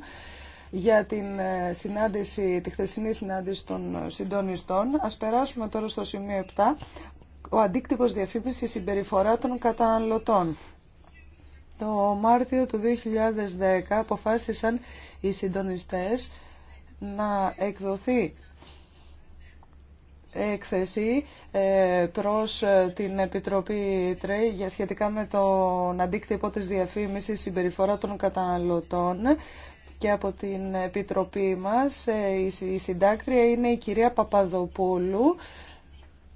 για την συνάντηση, τη χθεσινή συνάντηση των συντονιστών. Ας περάσουμε τώρα στο σημείο 7, ο αντίκτυπος διαφήμισης συμπεριφορά των καταναλωτών. Το Μάρτιο του 2010 αποφάσισαν οι συντονιστές να εκδοθεί έκθεση ε, προς ε, την Επιτροπή ΤΡΕΙ για σχετικά με τον αντίκτυπο της διαφήμισης συμπεριφορά των καταναλωτών και από την Επιτροπή μας ε, η συντάκτρια είναι η κυρία Παπαδοπούλου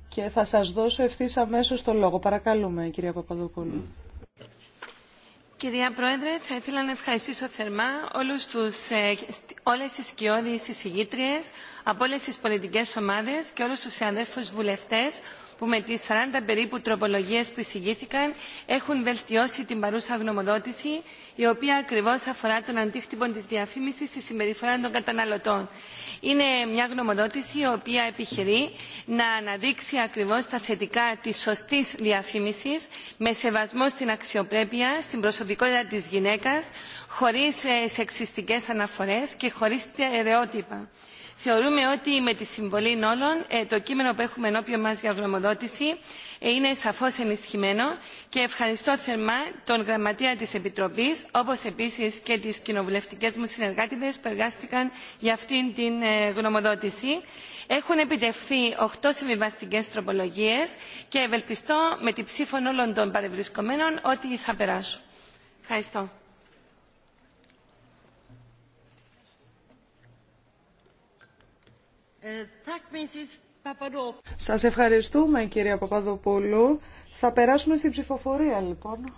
και θα σας δώσω ευθύς αμέσως το λόγο. Παρακαλούμε κυρία Παπαδοπούλου. Κυρία Πρόεδρε, θα ήθελα να ευχαριστήσω θερμά όλους τους, ε, όλες τις σκιώδεις εισηγήτριες από όλες τις πολιτικές ομάδες και όλους τους συναδέλφους βουλευτές που με τις 40 περίπου τροπολογίες που εισηγήθηκαν έχουν βελτιώσει την παρούσα γνωμοδότηση, η οποία ακριβώς αφορά τον αντίκτυπο της διαφήμισης στη συμπεριφορά των καταναλωτών. Είναι μια γνωμοδότηση η οποία επιχειρεί να αναδείξει ακριβώς τα θετικά της σωστής διαφήμισης με σεβασμό στην αξιοπρέπεια, στην προσωπικότητα της γυναίκας, χωρίς ε, σεξιστικές αναφορές και χωρίς στερεότυπα. Θεωρούμε ότι με τη συμβολή όλων ε, το κείμενο που έχουμε ενώπιον μας για γνωμοδότηση ε, είναι σαφώς ενισχυμένο και ευχαριστώ θερμά τον Γραμματέα της Επιτροπής όπως επίσης και τις κοινοβουλευτικές μου συνεργάτηδες που εργάστηκαν για αυτήν την ε, γνωμοδότηση. Έχουν επιτευχθεί 8 συμβιβαστικέ τροπολογίες και ευελπιστώ με την ψήφων όλων των παρευρισκομένων ότι θα περάσουν. Ευχαριστώ. Σας ευχαριστούμε κυρία Παπαδοπούλου. Θα περάσουμε στην ψηφοφορία λοιπόν.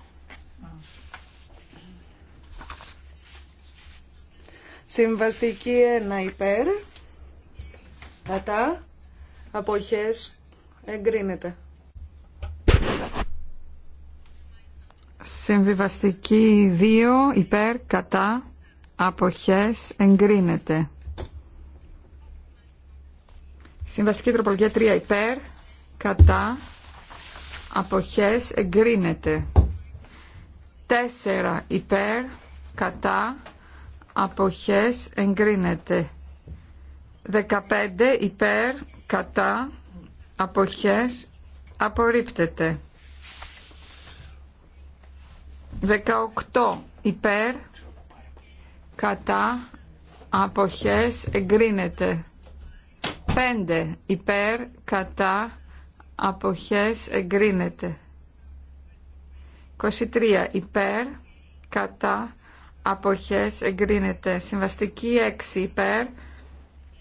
Συμβαστική 1 υπέρ, κατά, αποχές, εγκρίνεται. Συμβιβαστική 2 υπέρ, κατά, αποχές, εγκρίνεται. Συμβαστική τροπολογία 3 υπέρ, κατά, αποχές, εγκρίνεται. 4 υπέρ, κατά, αποχές, εγκρίνεται. 15 υπέρ, κατά, αποχές, απορρίπτεται. 18 υπέρ, κατά, αποχές, εγκρίνεται. 5 υπέρ κατά αποχές εγκρίνεται 23 υπέρ κατά αποχές εγκρίνεται συμβαστική 6 υπέρ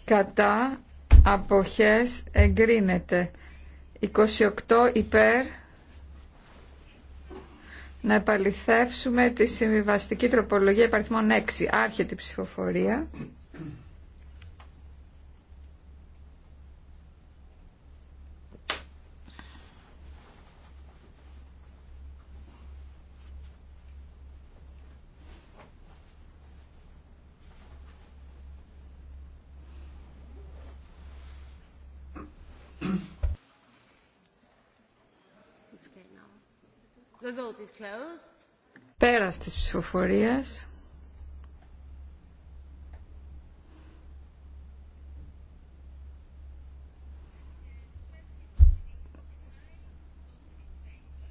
κατά αποχές εγκρίνεται 28 υπέρ να επαληθεύσουμε τη συμβιβαστική τροπολογία υπαριθμών 6 άρχεται η ψηφοφορία Πέρας της ψηφοφορίας.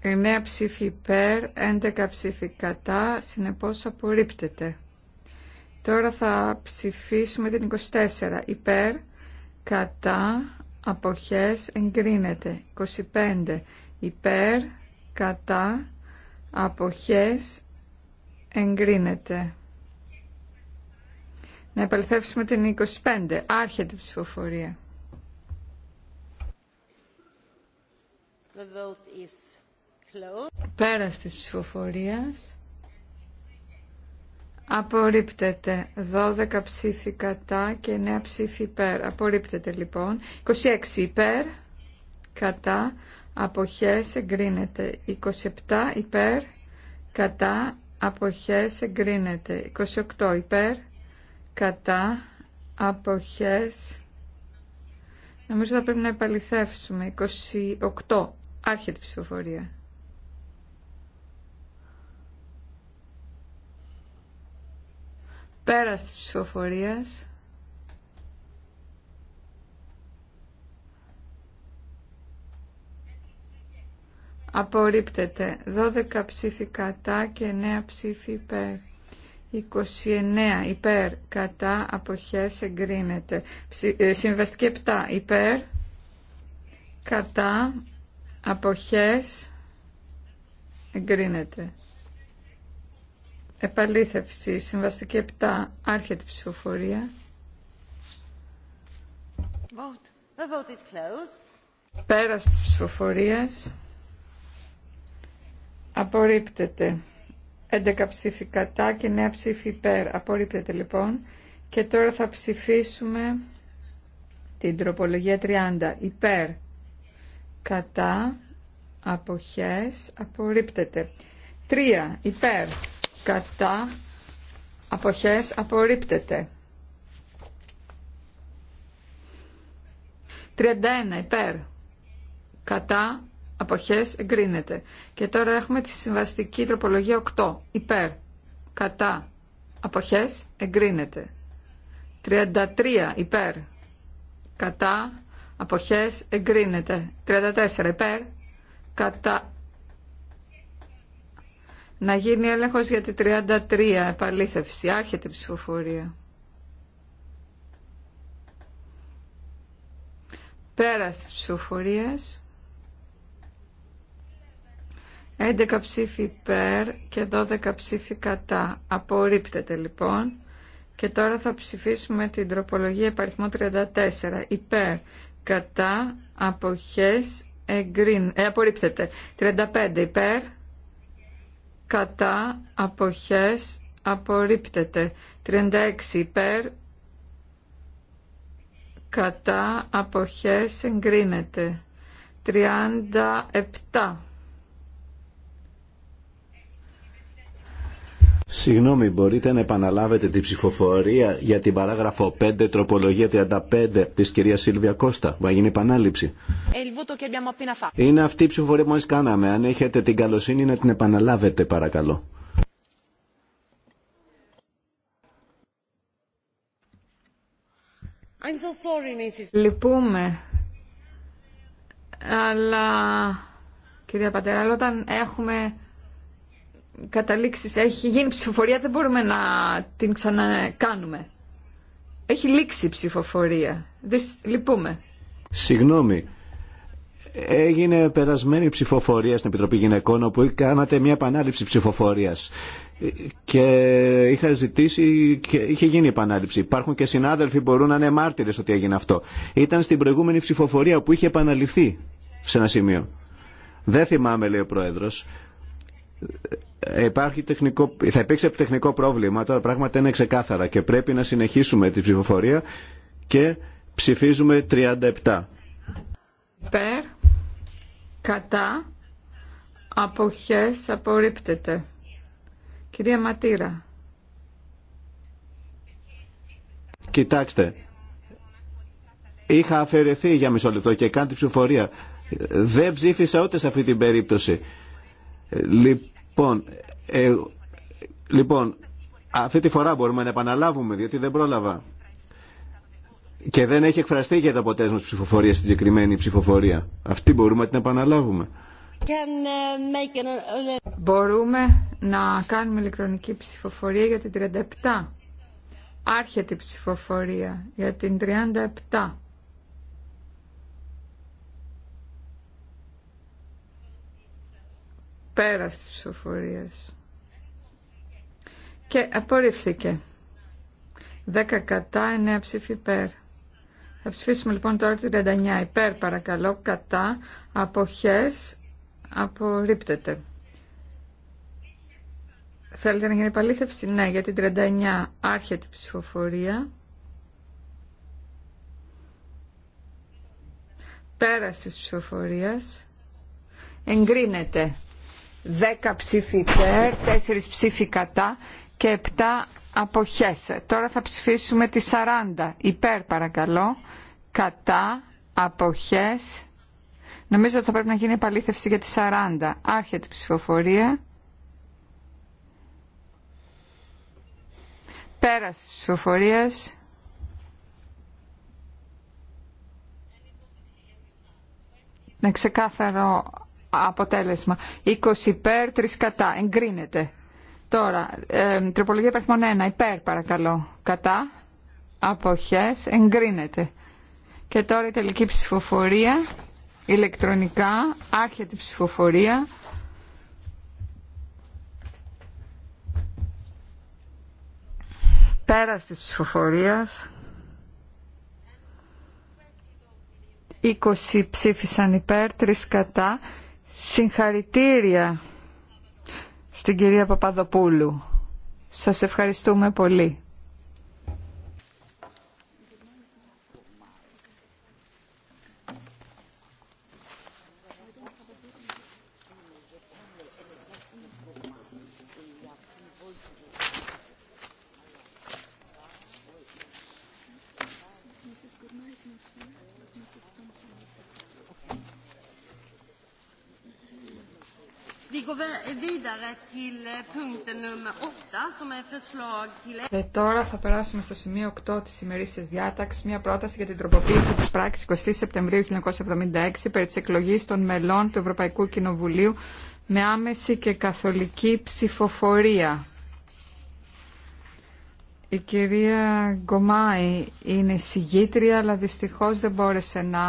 Εννέα ψήφοι υπέρ, 11 ψήφοι κατά, συνεπώς απορρίπτεται. Τώρα θα ψηφίσουμε την 24. Υπέρ, κατά, αποχές, εγκρίνεται. 25. Υπέρ, κατά, αποχές εγκρίνεται. Να επαληθεύσουμε την 25. Άρχεται η ψηφοφορία. The vote is Πέρας της ψηφοφορίας απορρίπτεται 12 ψήφοι κατά και 9 ψήφοι υπέρ. Απορρίπτεται λοιπόν 26 υπέρ κατά αποχές εγκρίνεται 27 υπέρ κατά αποχές εγκρίνεται 28 υπέρ κατά αποχές νομίζω θα πρέπει να επαληθεύσουμε 28 άρχεται η ψηφοφορία πέρας της ψηφοφορίας Απορρίπτεται. 12 ψήφοι κατά και 9 ψήφοι υπέρ. 29 υπέρ κατά αποχές εγκρίνεται. Ε, συμβαστική 7 υπέρ κατά αποχές εγκρίνεται. Επαλήθευση. Συμβαστική 7. Άρχεται ψηφοφορία. Vote. The vote is closed. Πέρας της ψηφοφορίας Απορρίπτεται. 11 ψήφοι κατά και 9 ψήφοι υπέρ. Απορρίπτεται λοιπόν. Και τώρα θα ψηφίσουμε την τροπολογία 30. Υπέρ. Κατά. Αποχές. Απορρίπτεται. 3. Υπέρ. Κατά. Αποχές. Απορρίπτεται. 31. Υπέρ. Κατά αποχές εγκρίνεται. Και τώρα έχουμε τη συμβαστική τροπολογία 8 υπέρ κατά αποχές εγκρίνεται. 33 υπέρ κατά αποχές εγκρίνεται. 34 υπέρ κατά να γίνει έλεγχος για τη 33 επαλήθευση. Άρχεται η ψηφοφορία. Πέρα τη ψηφοφορία. 11 ψήφοι υπέρ και 12 ψήφοι κατά. Απορρίπτεται λοιπόν. Και τώρα θα ψηφίσουμε την τροπολογία επαριθμό 34. Υπέρ, κατά, αποχές, εγκρίν, ε, απορρίπτεται. 35 υπέρ, κατά, αποχές, απορρίπτεται. 36 υπέρ, κατά, αποχές, εγκρίνεται. 37 Συγγνώμη, μπορείτε να επαναλάβετε την ψηφοφορία για την παράγραφο 5, τροπολογία 35 της κυρία Σίλβια Κώστα. Μα γίνει επανάληψη. Ε, Είναι αυτή η ψηφοφορία που κάναμε. Αν έχετε την καλοσύνη να την επαναλάβετε παρακαλώ. Λυπούμε. Αλλά, κυρία Πατέρα, όταν έχουμε καταλήξεις, έχει γίνει ψηφοφορία, δεν μπορούμε να την ξανακάνουμε. Έχει λήξει η ψηφοφορία. Λυπούμε. Συγγνώμη. Έγινε περασμένη ψηφοφορία στην Επιτροπή Γυναικών όπου κάνατε μια επανάληψη ψηφοφορίας και είχα ζητήσει και είχε γίνει επανάληψη. Υπάρχουν και συνάδελφοι που μπορούν να είναι μάρτυρες ότι έγινε αυτό. Ήταν στην προηγούμενη ψηφοφορία που είχε επαναληφθεί σε ένα σημείο. Δεν θυμάμαι λέει ο Πρόεδρος Υπάρχει τεχνικό, θα υπήρξε τεχνικό πρόβλημα, τώρα πράγματα είναι ξεκάθαρα και πρέπει να συνεχίσουμε την ψηφοφορία και ψηφίζουμε 37. Περ, κατά, αποχές, απορρίπτεται. Κυρία Ματήρα. Κοιτάξτε, είχα αφαιρεθεί για μισό λεπτό και κάνει την ψηφοφορία. Δεν ψήφισα ούτε σε αυτή την περίπτωση. Ε, Λοιπόν, ε, λοιπόν, αυτή τη φορά μπορούμε να επαναλάβουμε, διότι δεν πρόλαβα. Και δεν έχει εκφραστεί για το αποτέλεσμα της ψηφοφορίας, στην συγκεκριμένη ψηφοφορία. Αυτή μπορούμε να την επαναλάβουμε. Ε, μπορούμε να κάνουμε ηλεκτρονική ψηφοφορία για την 37. Άρχεται η ψηφοφορία για την 37. πέρας της ψηφοφορίας. Και απορρίφθηκε. 10 κατά, 9 ψήφοι υπέρ. Θα ψηφίσουμε λοιπόν τώρα τη 39 υπέρ παρακαλώ, κατά, αποχές, απορρίπτεται. Θέλετε να γίνει επαλήθευση, ναι, γιατί την 39 άρχεται η ψηφοφορία. Πέρας της ψηφοφορίας εγκρίνεται. 10 ψήφοι υπέρ, 4 ψήφοι κατά και 7 αποχές. Τώρα θα ψηφίσουμε τις 40 υπέρ παρακαλώ, κατά, αποχές. Νομίζω ότι θα πρέπει να γίνει επαλήθευση για τη 40. Άρχεται η ψηφοφορία. Πέρας της ψηφοφορίας. Να ξεκάθαρο αποτέλεσμα. 20 υπέρ, 3 κατά. Εγκρίνεται. Τώρα, ε, τροπολογία υπερθμών 1. Υπέρ, παρακαλώ. Κατά. Αποχές. Εγκρίνεται. Και τώρα η τελική ψηφοφορία. Ηλεκτρονικά. Άρχεται η ψηφοφορία. Πέρας της ψηφοφορίας. 20 ψήφισαν υπέρ, 3 κατά Συγχαρητήρια στην κυρία Παπαδοπούλου. Σας ευχαριστούμε πολύ. Και eh, ε, τώρα θα περάσουμε στο σημείο 8 της ημερήσιας διάταξης, μια πρόταση για την τροποποίηση της πράξης 20 Σεπτεμβρίου 1976 περί της εκλογής των μελών του Ευρωπαϊκού Κοινοβουλίου με άμεση και καθολική ψηφοφορία. Η κυρία Γκομάη είναι συγγήτρια, αλλά δυστυχώς δεν μπόρεσε να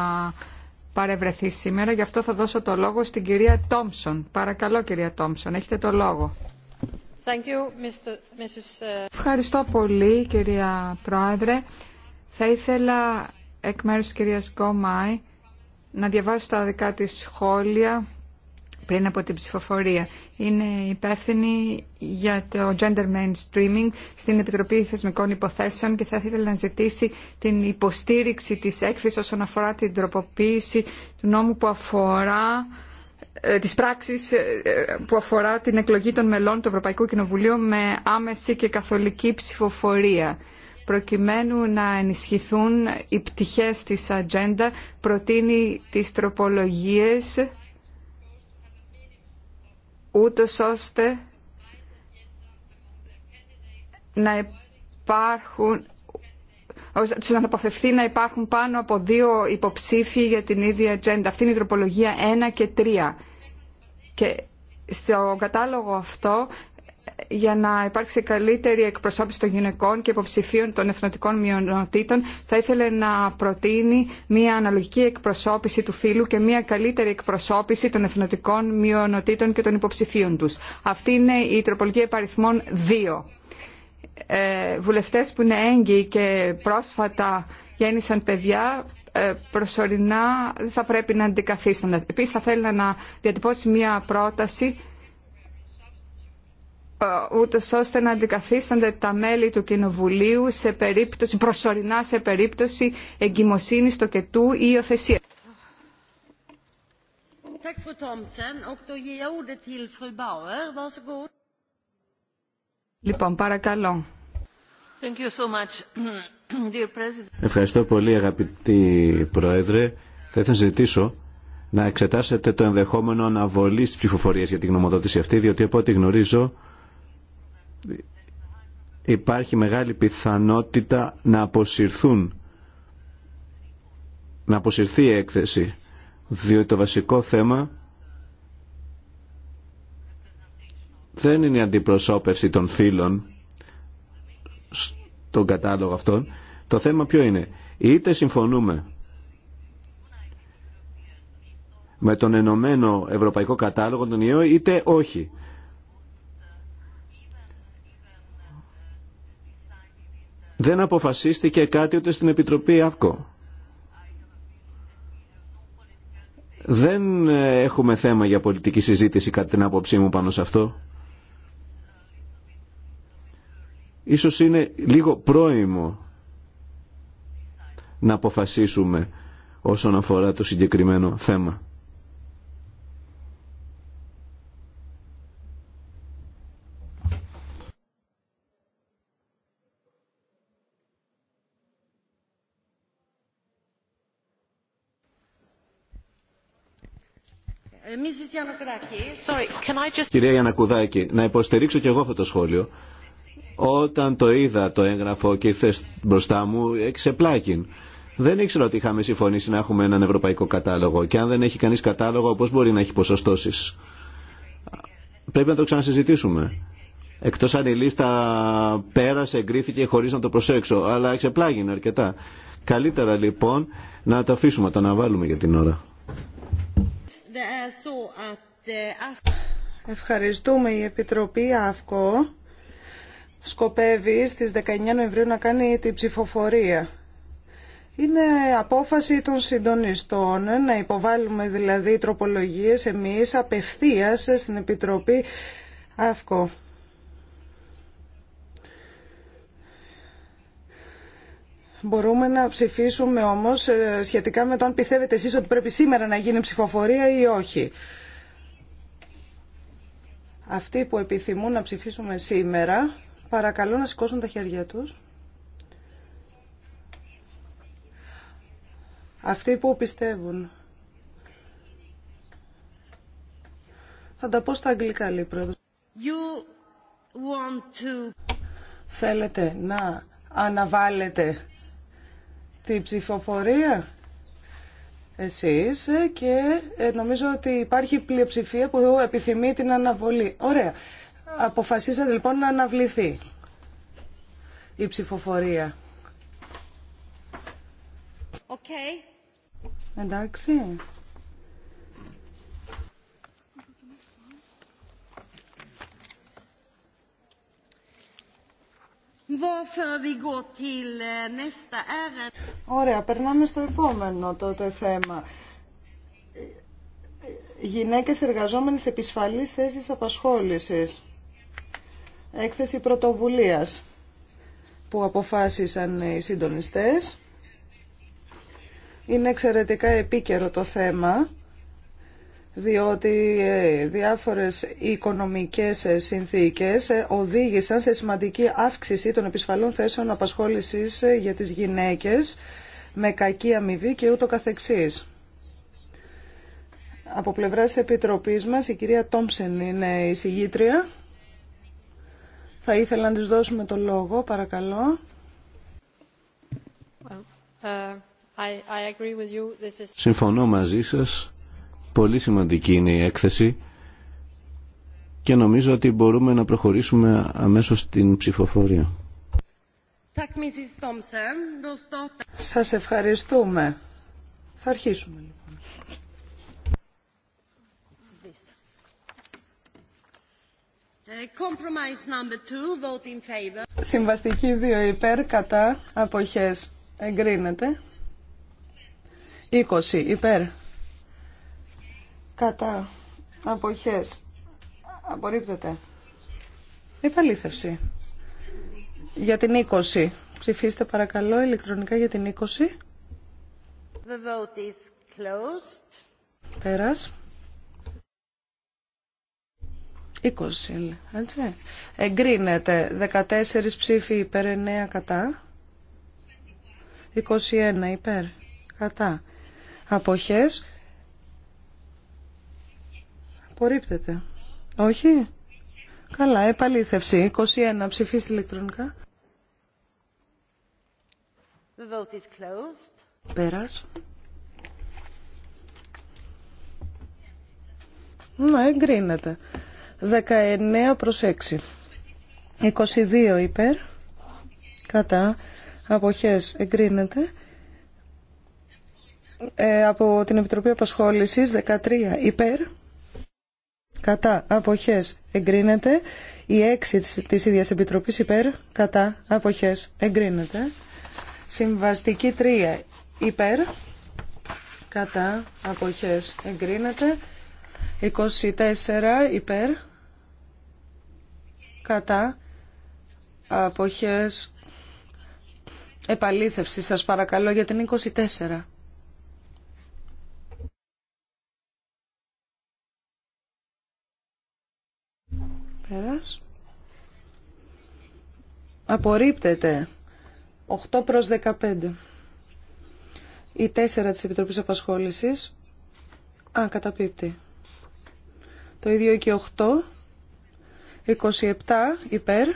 παρευρεθεί σήμερα, γι' αυτό θα δώσω το λόγο στην κυρία Τόμσον. Παρακαλώ κυρία Τόμσον, έχετε το λόγο. Ε, Ευχαριστώ πολύ κυρία Πρόεδρε. Θα ήθελα εκ μέρους της κυρίας Γκόμαϊ να διαβάσω τα δικά της σχόλια πριν από την ψηφοφορία. Είναι υπεύθυνη για το gender mainstreaming στην Επιτροπή Θεσμικών Υποθέσεων και θα ήθελα να ζητήσει την υποστήριξη της έκθεσης όσον αφορά την τροποποίηση του νόμου που αφορά ε, της πράξης ε, ε, που αφορά την εκλογή των μελών του Ευρωπαϊκού Κοινοβουλίου με άμεση και καθολική ψηφοφορία προκειμένου να ενισχυθούν οι πτυχές της ατζέντα προτείνει τις τροπολογίες ούτως ώστε να υπάρχουν ώστε να αποφευθεί να υπάρχουν πάνω από δύο υποψήφοι για την ίδια ατζέντα. Αυτή είναι η τροπολογία 1 και 3. Και στο κατάλογο αυτό για να υπάρξει καλύτερη εκπροσώπηση των γυναικών και υποψηφίων των εθνοτικών μειονοτήτων, θα ήθελε να προτείνει μια αναλογική εκπροσώπηση του φύλου και μια καλύτερη εκπροσώπηση των εθνοτικών μειονοτήτων και των υποψηφίων τους. Αυτή είναι η τροπολογία υπαριθμών 2. Ε, βουλευτές που είναι έγκυοι και πρόσφατα γέννησαν παιδιά ε, προσωρινά δεν θα πρέπει να αντικαθίστανται. Επίσης θα θέλει να διατυπώσει μια πρόταση ε, ούτω ώστε να αντικαθίστανται τα μέλη του Κοινοβουλίου σε περίπτωση, προσωρινά σε περίπτωση εγκυμοσύνης στο κετού ή υιοθεσία. Λοιπόν, παρακαλώ. Ευχαριστώ πολύ αγαπητή Πρόεδρε. Θα ήθελα να ζητήσω να εξετάσετε το ενδεχόμενο αναβολή τη ψηφοφορία για την γνωμοδότηση αυτή, διότι από ό,τι γνωρίζω υπάρχει μεγάλη πιθανότητα να αποσυρθούν να αποσυρθεί η έκθεση διότι το βασικό θέμα δεν είναι η αντιπροσώπευση των φύλων στον κατάλογο αυτόν. Το θέμα ποιο είναι. Είτε συμφωνούμε με τον Ενωμένο Ευρωπαϊκό Κατάλογο, τον ΙΕΟ, είτε όχι. δεν αποφασίστηκε κάτι ούτε στην Επιτροπή ΑΦΚΟ. Δεν ε, έχουμε θέμα για πολιτική συζήτηση κατά την άποψή μου πάνω σε αυτό. Ίσως είναι λίγο πρόημο να αποφασίσουμε όσον αφορά το συγκεκριμένο θέμα. Κυρία Γιανακουδάκη, να υποστηρίξω και εγώ αυτό το σχόλιο. Όταν το είδα το έγγραφο και ήρθε μπροστά μου, έξε πλάκιν. Δεν ήξερα ότι είχαμε συμφωνήσει να έχουμε έναν ευρωπαϊκό κατάλογο. Και αν δεν έχει κανεί κατάλογο, πώ μπορεί να έχει ποσοστώσει. Πρέπει να το ξανασυζητήσουμε. Εκτό αν η λίστα πέρασε, εγκρίθηκε χωρί να το προσέξω. Αλλά εξεπλάγει αρκετά. Καλύτερα λοιπόν να το αφήσουμε, το να βάλουμε για την ώρα. Ευχαριστούμε. Η Επιτροπή ΑΦΚΟ σκοπεύει στις 19 Νοεμβρίου να κάνει την ψηφοφορία. Είναι απόφαση των συντονιστών να υποβάλουμε δηλαδή τροπολογίες εμείς απευθείας στην Επιτροπή ΑΦΚΟ. Μπορούμε να ψηφίσουμε όμως ε, σχετικά με το αν πιστεύετε εσείς ότι πρέπει σήμερα να γίνει ψηφοφορία ή όχι. Αυτοί που επιθυμούν να ψηφίσουμε σήμερα, παρακαλώ να σηκώσουν τα χέρια τους. Αυτοί που πιστεύουν. Θα τα πω στα αγγλικά, λέει You Θέλετε να αναβάλλετε την ψηφοφορία εσείς και ε, νομίζω ότι υπάρχει πλειοψηφία που επιθυμεί την αναβολή. Ωραία. Αποφασίσατε λοιπόν να αναβληθεί η ψηφοφορία. Okay. Εντάξει. Eh, Ωραία, περνάμε στο επόμενο τότε θέμα. Γυναίκες εργαζόμενες επισφαλής θέσης απασχόλησης. Έκθεση πρωτοβουλίας που αποφάσισαν οι συντονιστές. Είναι εξαιρετικά επίκαιρο το θέμα διότι ε, διάφορες οικονομικές ε, συνθήκες ε, οδήγησαν σε σημαντική αύξηση των επισφαλών θέσεων απασχόλησης για τις γυναίκες με κακή αμοιβή και ούτω καθεξής. Από πλευράς Επιτροπής μας η κυρία Τόμψεν είναι η συγγήτρια. Θα ήθελα να της δώσουμε το λόγο, παρακαλώ. Uh, Συμφωνώ μαζί σας Πολύ σημαντική είναι η έκθεση και νομίζω ότι μπορούμε να προχωρήσουμε αμέσως στην ψηφοφορία. Σας ευχαριστούμε. Θα αρχίσουμε λοιπόν. Uh, Συμβαστική 2 υπέρ, κατά, αποχές, εγκρίνεται. 20 υπέρ, κατά αποχές απορρίπτεται Υπαλήθευση. για την 20 ψηφίστε παρακαλώ ηλεκτρονικά για την 20 The vote is closed. Πέρας. 20 έτσι. Εγκρίνεται 14 ψήφοι υπέρ 9 κατά. 21 υπέρ κατά. Αποχές Απορρίπτεται. Όχι. Καλά, επαλήθευση. 21. Ψηφίστε ηλεκτρονικά. The vote is closed. Πέρας. Ναι, εγκρίνεται. 19 προς 6. 22 υπέρ. Κατά. Αποχές εγκρίνεται. Ε, από την Επιτροπή Απασχόλησης 13 υπέρ κατά αποχές εγκρίνεται. Η έξι της ίδιας Επιτροπής υπέρ κατά αποχές εγκρίνεται. Συμβαστική 3 υπέρ κατά αποχές εγκρίνεται. 24 υπέρ κατά αποχές επαλήθευση σας παρακαλώ για την 24. Πέρας. Απορρίπτεται. 8 προς 15. Η 4 της Επιτροπής Απασχόλησης. Α, καταπίπτει. Το ίδιο και 8. 27 υπέρ.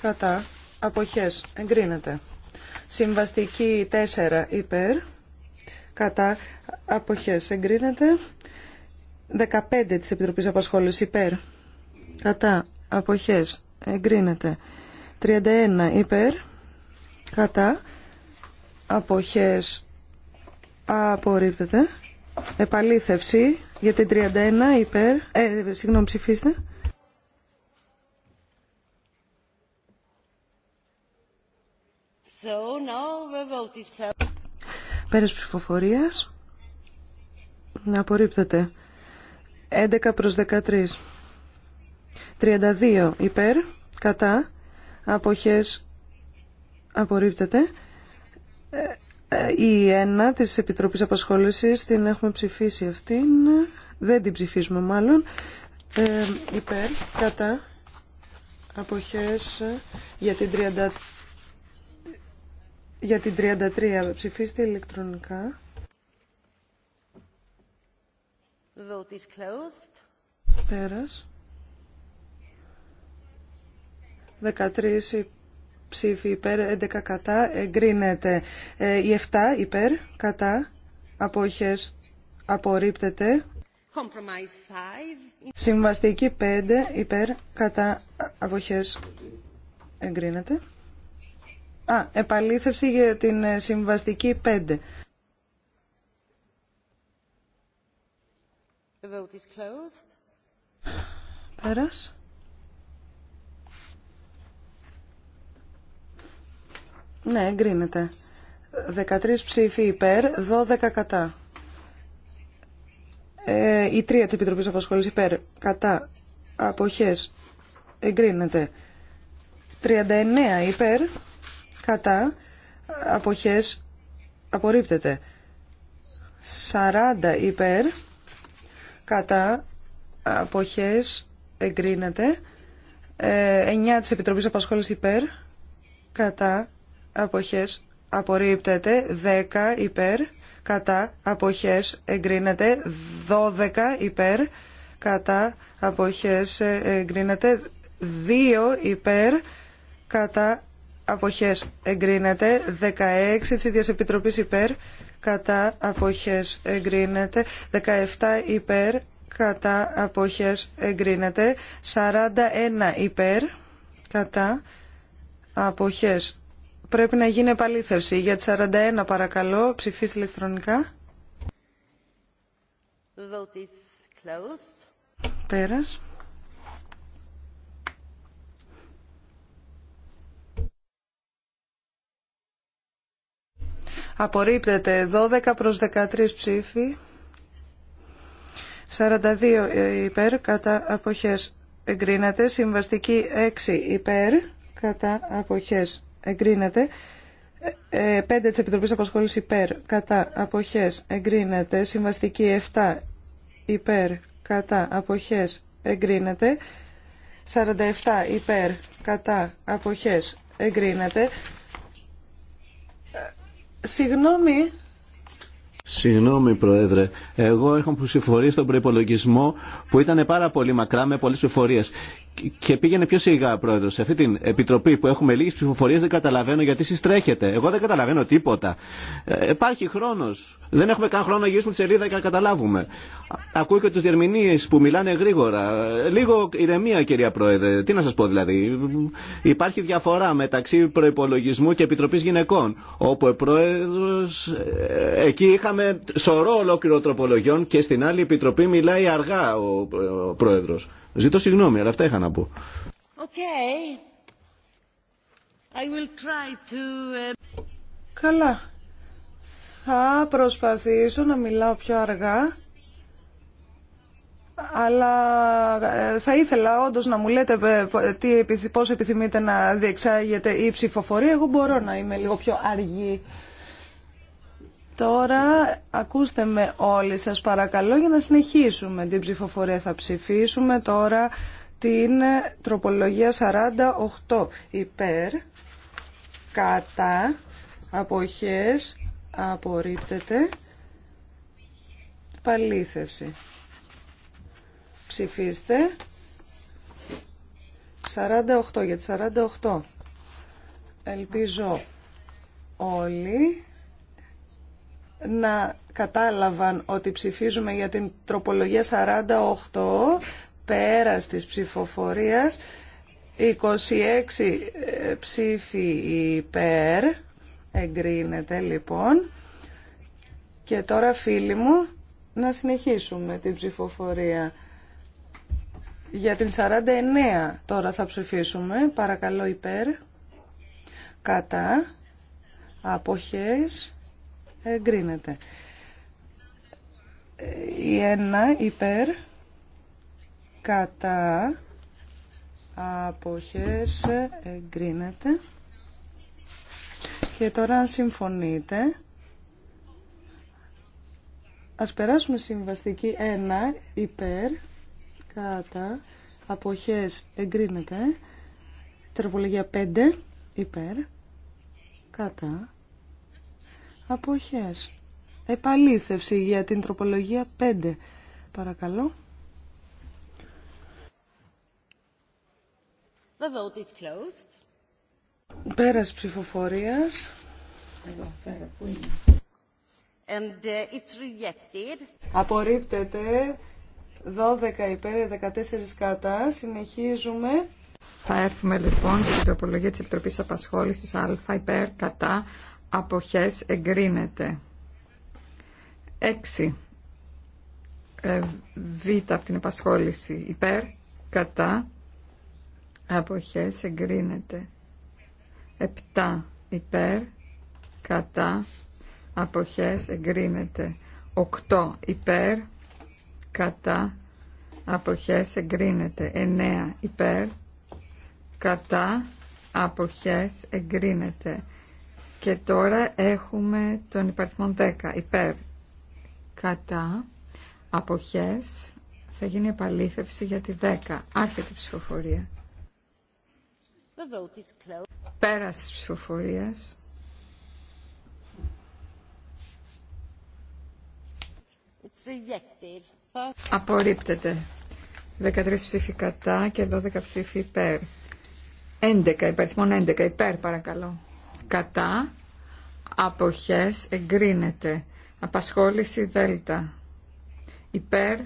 Κατά. Αποχές. Εγκρίνεται. Συμβαστική 4 υπέρ. Κατά. Αποχές. Εγκρίνεται. 15 της Επιτροπής Απασχόλησης υπέρ. Κατά αποχές εγκρίνεται 31 υπέρ κατά αποχές απορρίπτεται επαλήθευση για την 31 υπέρ ε, συγγνώμη ψηφίστε So now ψηφοφορίας. Απορρίπτεται. 11 προς 13. 32 υπέρ, κατά, αποχές απορρίπτεται. Ε, ε, η 1 της Επιτροπής Απασχόλησης την έχουμε ψηφίσει αυτήν, δεν την ψηφίζουμε μάλλον, ε, υπέρ, κατά, αποχές για την 30 για την 33 ψηφίστε ηλεκτρονικά. Πέρας. 13 ψήφοι υπέρ, 11 κατά, εγκρίνεται. Ε, η 7 υπέρ, κατά, αποχές, απορρίπτεται. Συμβαστική 5 υπέρ, κατά, αποχές, εγκρίνεται. Α, επαλήθευση για την ε, συμβαστική 5. The Πέρας. Ναι, εγκρίνεται. 13 ψήφοι υπέρ, 12 κατά. Ε, η τρία της Επιτροπής Απασχόλησης υπέρ, κατά, αποχές, εγκρίνεται. 39 υπέρ, κατά, αποχές, απορρίπτεται. 40 υπέρ, κατά, αποχές, εγκρίνεται. Ε, 9 της Επιτροπής Απασχόλησης υπέρ, κατά, αποχές απορρίπτεται 10 υπέρ κατά αποχές εγκρίνεται 12 υπέρ κατά αποχές εγκρίνεται 2 υπέρ κατά αποχές εγκρίνεται 16 έτσι ίδιας επιτροπής υπέρ κατά αποχές εγκρίνεται 17 υπέρ κατά αποχές εγκρίνεται 41 υπέρ κατά αποχές Πρέπει να γίνει επαλήθευση. Για τη 41 παρακαλώ, ψηφίστε ηλεκτρονικά. Πέρα. Απορρίπτεται 12 προς 13 ψήφοι. 42 ε, υπέρ κατά αποχές εγκρίνεται. Συμβαστική 6 υπέρ κατά αποχές εγκρίνεται. 5 ε, ε, της Επιτροπής Απασχόλησης υπέρ, κατά, αποχές, εγκρίνεται. Συμβαστική 7 υπέρ, κατά, αποχές, εγκρίνεται. 47 υπέρ, κατά, αποχές, εγκρίνεται. Ε, συγγνώμη, Συγγνώμη, Πρόεδρε. Εγώ έχω ψηφορεί στον προπολογισμό που ήταν πάρα πολύ μακρά με πολλέ ψηφορίε και πήγαινε πιο σιγά, πρόεδρο. Σε αυτή την επιτροπή που έχουμε λίγε ψηφοφορίε δεν καταλαβαίνω γιατί συστρέχεται. Εγώ δεν καταλαβαίνω τίποτα. Ε, υπάρχει χρόνο. Δεν έχουμε καν χρόνο να γυρίσουμε τη σελίδα και να καταλάβουμε. Ακούω και του διερμηνίε που μιλάνε γρήγορα. Ε, λίγο ηρεμία, κυρία Πρόεδρε. Τι να σα πω δηλαδή. Υπάρχει διαφορά μεταξύ προπολογισμού και επιτροπή γυναικών. Όπου ο πρόεδρο. Ε, εκεί είχαμε σωρό ολόκληρο τροπολογιών και στην άλλη επιτροπή μιλάει αργά ο πρόεδρο. Ζητώ συγγνώμη, αλλά αυτά είχα να πω. Okay. I will try to... Ε, Καλά. Θα προσπαθήσω να μιλάω πιο αργά. Αλλά ε, θα ήθελα όντω να μου λέτε ε, πώ επιθυμείτε να διεξάγετε η ψηφοφορία. Εγώ μπορώ να είμαι λίγο πιο αργή. Τώρα ακούστε με όλοι σας παρακαλώ για να συνεχίσουμε την ψηφοφορία. Θα ψηφίσουμε τώρα την τροπολογία 48 υπέρ, κατά, αποχές, απορρίπτεται, παλήθευση. Ψηφίστε. 48 για 48. Ελπίζω όλοι να κατάλαβαν ότι ψηφίζουμε για την τροπολογία 48 πέρα της ψηφοφορίας 26 ε, ψήφοι υπέρ εγκρίνεται λοιπόν και τώρα φίλοι μου να συνεχίσουμε την ψηφοφορία για την 49 τώρα θα ψηφίσουμε παρακαλώ υπέρ κατά αποχές εγκρίνεται. Η ένα υπέρ κατά αποχές εγκρίνεται. Και τώρα αν συμφωνείτε, ας περάσουμε συμβαστική ένα υπέρ κατά αποχές εγκρίνεται. Τροπολογία 5 υπέρ κατά αποχές. Επαλήθευση για την τροπολογία 5. Παρακαλώ. The vote is closed. Πέρας ψηφοφορίας. πού And uh, it's rejected. Απορρίπτεται 12 υπέρ, 14 κατά. Συνεχίζουμε. Θα έρθουμε λοιπόν στην τροπολογία της Επιτροπής Απασχόλησης Α υπέρ κατά αποχές εγκρίνεται. 6. Ε, β από την επασχόληση υπέρ, κατά, αποχές εγκρίνεται. 7. Υπέρ, κατά, αποχές εγκρίνεται. 8. Υπέρ, κατά, αποχές εγκρίνεται. 9. Υπέρ, κατά, αποχές εγκρίνεται. Και τώρα έχουμε τον υπαριθμό 10 υπέρ κατά αποχές θα γίνει επαλήθευση για τη 10 άρχεται η ψηφοφορία The τη ψηφοφορία. της ψηφοφορίας απορρίπτεται 13 ψήφοι κατά και 12 ψήφοι υπέρ 11 υπαριθμών 11 υπέρ παρακαλώ κατά αποχές εγκρίνεται απασχόληση δέλτα υπέρ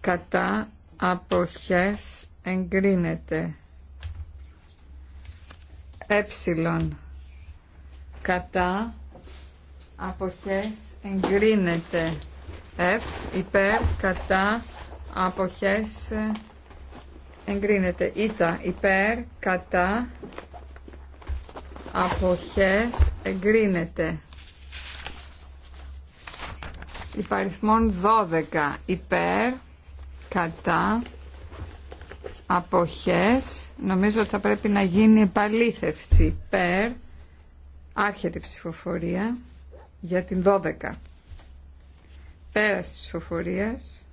κατά αποχές εγκρίνεται Ε. κατά αποχές εγκρίνεται F υπέρ κατά αποχές εγκρίνεται Ήτα υπέρ κατά αποχές εγκρίνεται υπαριθμόν 12 υπέρ κατά αποχές νομίζω ότι θα πρέπει να γίνει επαλήθευση υπέρ άρχεται η ψηφοφορία για την 12 πέρας της ψηφοφορίας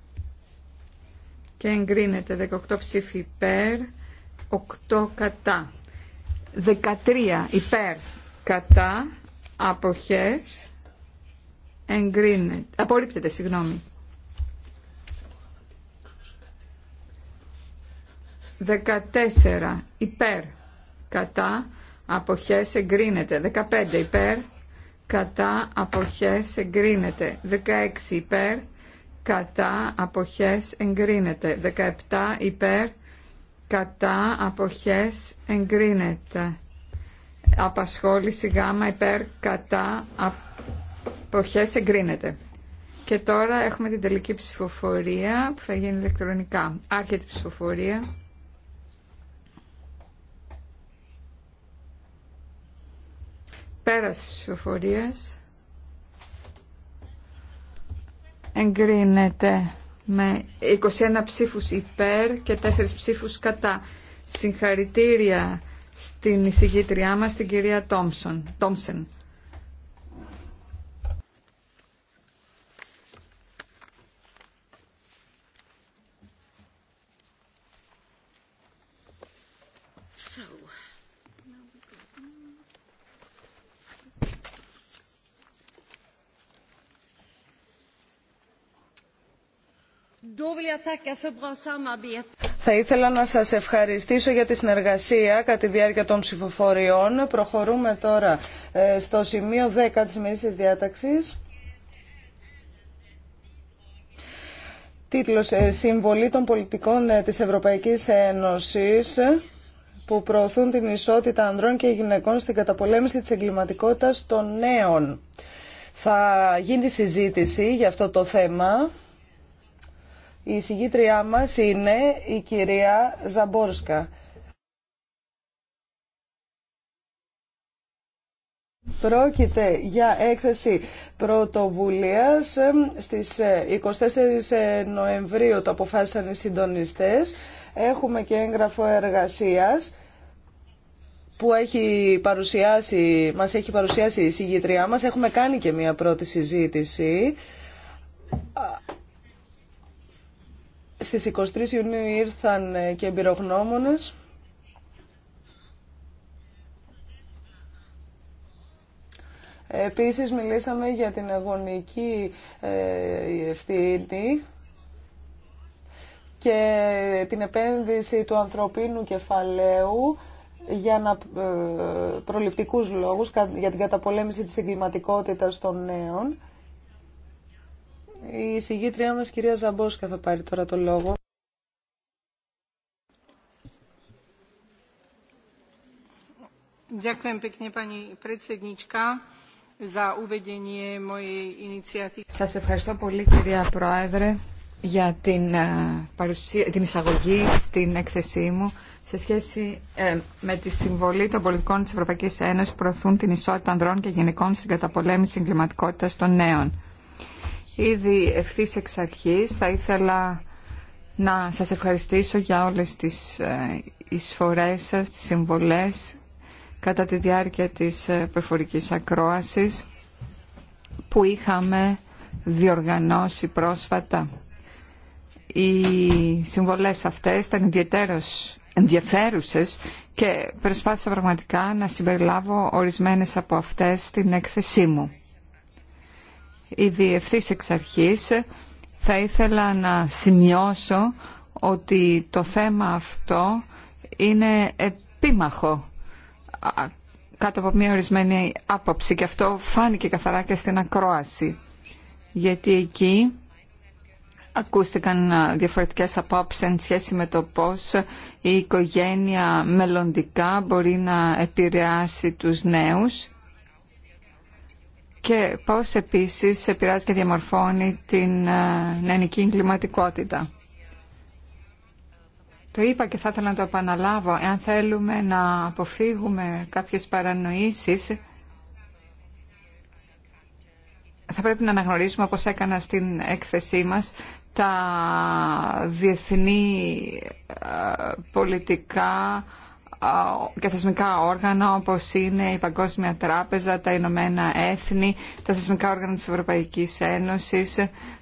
και εγκρίνεται 18 ψήφι υπέρ 8 κατά 13 υπέρ κατά αποχές εγκρίνεται. Απορρίπτεται, συγγνώμη. 14 υπέρ κατά αποχές εγκρίνεται. 15 υπέρ κατά αποχές εγκρίνεται. 16 υπέρ κατά αποχές εγκρίνεται. 17 υπέρ κατά αποχές εγκρίνεται. Απασχόληση γάμα υπέρ κατά αποχές εγκρίνεται. Και τώρα έχουμε την τελική ψηφοφορία που θα γίνει ηλεκτρονικά. Άρχεται η ψηφοφορία. Πέραση της ψηφοφορίας. Εγκρίνεται με 21 ψήφους υπέρ και 4 ψήφους κατά. Συγχαρητήρια στην εισηγήτριά μας, την κυρία Τόμσον. Τόμσεν. Θα ήθελα να σας ευχαριστήσω για τη συνεργασία κατά τη διάρκεια των ψηφοφοριών. Προχωρούμε τώρα ε, στο σημείο 10 της μέσης διάταξης. Τίτλος ε, «Συμβολή των πολιτικών ε, της Ευρωπαϊκής Ένωσης» που προωθούν την ισότητα ανδρών και γυναικών στην καταπολέμηση της εγκληματικότητας των νέων. Θα γίνει συζήτηση για αυτό το θέμα. Η συγγήτριά μας είναι η κυρία Ζαμπόρσκα. Πρόκειται για έκθεση πρωτοβουλίας στις 24 ε, ε, Νοεμβρίου το αποφάσισαν οι συντονιστές. Έχουμε και έγγραφο εργασίας που έχει μας έχει παρουσιάσει η συγγητριά μας. Έχουμε κάνει και μια πρώτη συζήτηση. Στις 23 Ιουνίου ήρθαν ε, και εμπειρογνώμονες. Επίσης μιλήσαμε για την αγωνική ε, ευθύνη και την επένδυση του ανθρωπίνου κεφαλαίου για να, ε, προληπτικούς λόγους, για την καταπολέμηση της εγκληματικότητας των νέων. Η συγγήτριά μας, κυρία Ζαμπόσκα, θα πάρει τώρα το λόγο. Σας ευχαριστώ πολύ, κυρία Πρόεδρε, για την, ε, παρουσία, την εισαγωγή στην έκθεσή μου σε σχέση ε, με τη συμβολή των πολιτικών της Ευρωπαϊκής Ένωσης προωθούν την ισότητα ανδρών και γυναικών στην καταπολέμηση εγκληματικότητα των νέων. Ήδη ευθύ εξ αρχής θα ήθελα να σας ευχαριστήσω για όλες τις ε, εισφορές σας, τις συμβολές κατά τη διάρκεια της ε, πεφορικής ακρόασης που είχαμε διοργανώσει πρόσφατα. Οι συμβολές αυτές ήταν ιδιαίτερως ενδιαφέρουσες και προσπάθησα πραγματικά να συμπεριλάβω ορισμένες από αυτές στην έκθεσή μου η διεύθυνση εξ αρχής θα ήθελα να σημειώσω ότι το θέμα αυτό είναι επίμαχο κάτω από μια ορισμένη άποψη και αυτό φάνηκε καθαρά και στην ακρόαση γιατί εκεί ακούστηκαν διαφορετικές απόψεις εν σχέση με το πώς η οικογένεια μελλοντικά μπορεί να επηρεάσει τους νέους και πώς επίσης επηρεάζει και διαμορφώνει την ε, νεανική εγκληματικότητα. Το είπα και θα ήθελα να το επαναλάβω. Εάν θέλουμε να αποφύγουμε κάποιες παρανοήσεις, θα πρέπει να αναγνωρίσουμε, όπως έκανα στην έκθεσή μας, τα διεθνή ε, πολιτικά και θεσμικά όργανα όπως είναι η Παγκόσμια Τράπεζα, τα Ηνωμένα Έθνη, τα θεσμικά όργανα της Ευρωπαϊκής Ένωσης,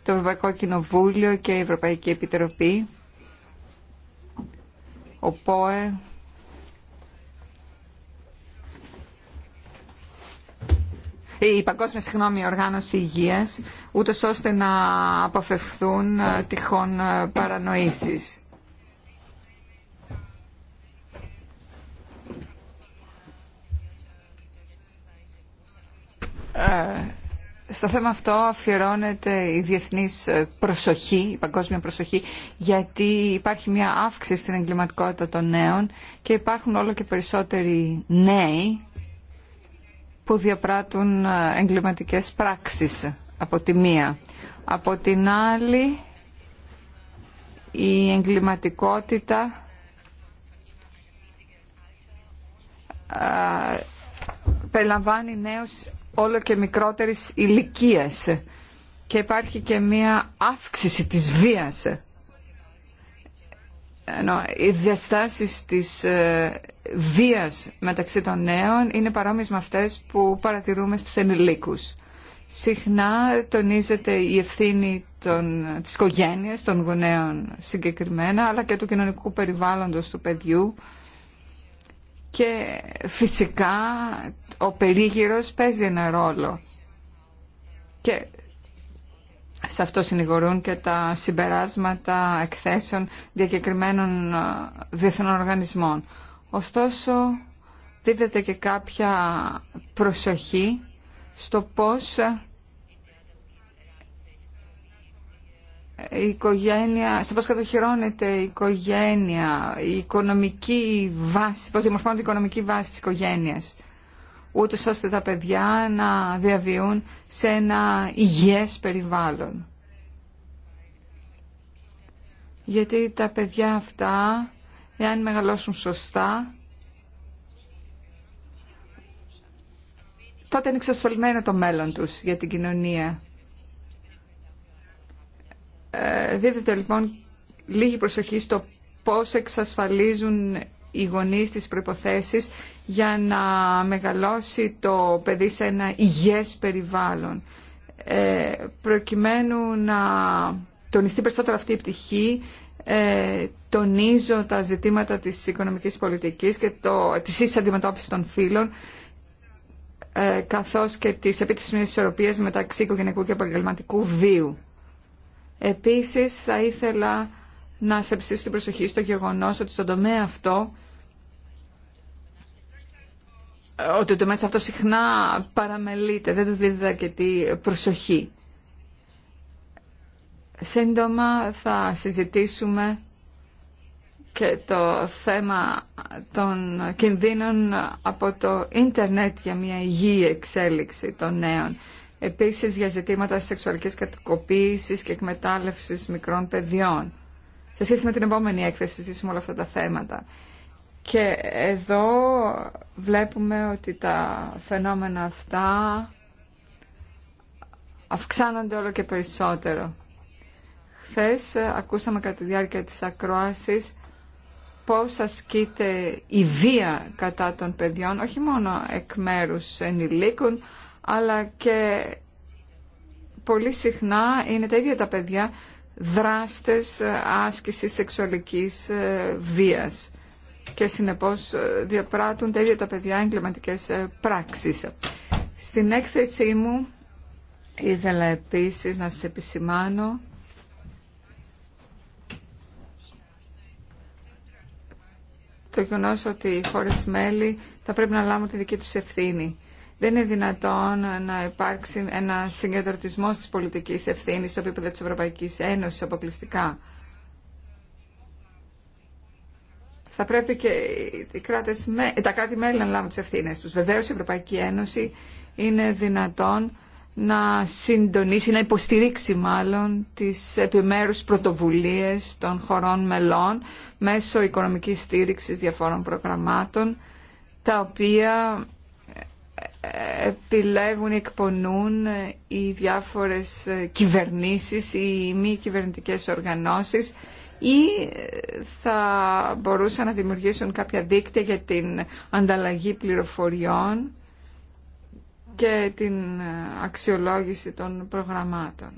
το Ευρωπαϊκό Κοινοβούλιο και η Ευρωπαϊκή Επιτροπή, ο ΠΟΕ. η Παγκόσμια Συγγνώμη Οργάνωση Υγείας, ούτως ώστε να αποφευθούν ε, τυχόν ε, παρανοήσεις. Ε, στο θέμα αυτό αφιερώνεται η διεθνής ε, προσοχή, η παγκόσμια προσοχή, γιατί υπάρχει μια αύξηση στην εγκληματικότητα των νέων και υπάρχουν όλο και περισσότεροι νέοι που διαπράττουν ε, εγκληματικές πράξεις από τη μία. Από την άλλη, η εγκληματικότητα περιλαμβάνει νέους όλο και μικρότερης ηλικίας και υπάρχει και μία αύξηση της βίας. Ενώ οι διαστάσεις της ε, βίας μεταξύ των νέων είναι παρόμοιες με αυτές που παρατηρούμε στους ενηλίκους. Συχνά τονίζεται η ευθύνη των, της οικογένειας, των γονέων συγκεκριμένα, αλλά και του κοινωνικού περιβάλλοντος του παιδιού, και φυσικά ο περίγυρος παίζει ένα ρόλο. Και σε αυτό συνηγορούν και τα συμπεράσματα εκθέσεων διακεκριμένων ε, διεθνών οργανισμών. Ωστόσο, δίδεται και κάποια προσοχή στο πώς η οικογένεια, στο πώς κατοχυρώνεται η οικογένεια, η οικονομική βάση, πώς διαμορφώνεται η οικονομική βάση της οικογένειας, ούτως ώστε τα παιδιά να διαβιούν σε ένα υγιές περιβάλλον. Γιατί τα παιδιά αυτά, εάν μεγαλώσουν σωστά, τότε είναι εξασφαλμένο το μέλλον τους για την κοινωνία. Ε, δίδεται λοιπόν λίγη προσοχή στο πώς εξασφαλίζουν οι γονείς τις προϋποθέσεις για να μεγαλώσει το παιδί σε ένα υγιές περιβάλλον. Ε, προκειμένου να τονιστεί περισσότερο αυτή η πτυχή, ε, τονίζω τα ζητήματα της οικονομικής πολιτικής και το, της ίσης των φύλων, ε, καθώς και της επίτευξης μιας ισορροπίας μεταξύ οικογενειακού και επαγγελματικού βίου. Επίσης θα ήθελα να σε ψήσω την προσοχή στο γεγονός ότι στον τομέα αυτό ότι το τομέας αυτό συχνά παραμελείται, δεν του δίδεται αρκετή προσοχή. Σύντομα θα συζητήσουμε και το θέμα των κινδύνων από το ίντερνετ για μια υγιή εξέλιξη των νέων επίσης για ζητήματα σεξουαλικής κατοικοποίησης και εκμετάλλευσης μικρών παιδιών. Σε σχέση με την επόμενη έκθεση συζητήσουμε όλα αυτά τα θέματα. Και εδώ βλέπουμε ότι τα φαινόμενα αυτά αυξάνονται όλο και περισσότερο. Χθες ε, ακούσαμε κατά τη διάρκεια της ακρόασης πώς ασκείται η βία κατά των παιδιών, όχι μόνο εκ μέρους ενηλίκων, αλλά και πολύ συχνά είναι τα ίδια τα παιδιά δράστες άσκησης σεξουαλικής ε, βίας και συνεπώς ε, διαπράττουν τα ίδια τα παιδιά εγκληματικές ε, πράξεις. Στην έκθεσή μου ήθελα επίσης να σας επισημάνω το γεγονός ότι οι χώρες μέλη θα πρέπει να λάβουν τη δική τους ευθύνη δεν είναι δυνατόν να υπάρξει ένα συγκεντρωτισμό της πολιτική ευθύνη στο επίπεδο της Ευρωπαϊκής Ένωσης αποκλειστικά. Θα πρέπει και οι κράτες, τα κράτη-μέλη να λάβουν τις ευθύνες τους. Βεβαίως η Ευρωπαϊκή Ένωση είναι δυνατόν να συντονίσει, να υποστηρίξει μάλλον τις επιμέρους πρωτοβουλίες των χωρών μελών μέσω οικονομικής στήριξης διαφόρων προγραμμάτων τα οποία επιλέγουν ή εκπονούν οι διάφορες κυβερνήσεις ή οι μη κυβερνητικές οργανώσεις ή θα μπορούσαν να δημιουργήσουν κάποια δίκτυα για την ανταλλαγή πληροφοριών και την αξιολόγηση των προγραμμάτων.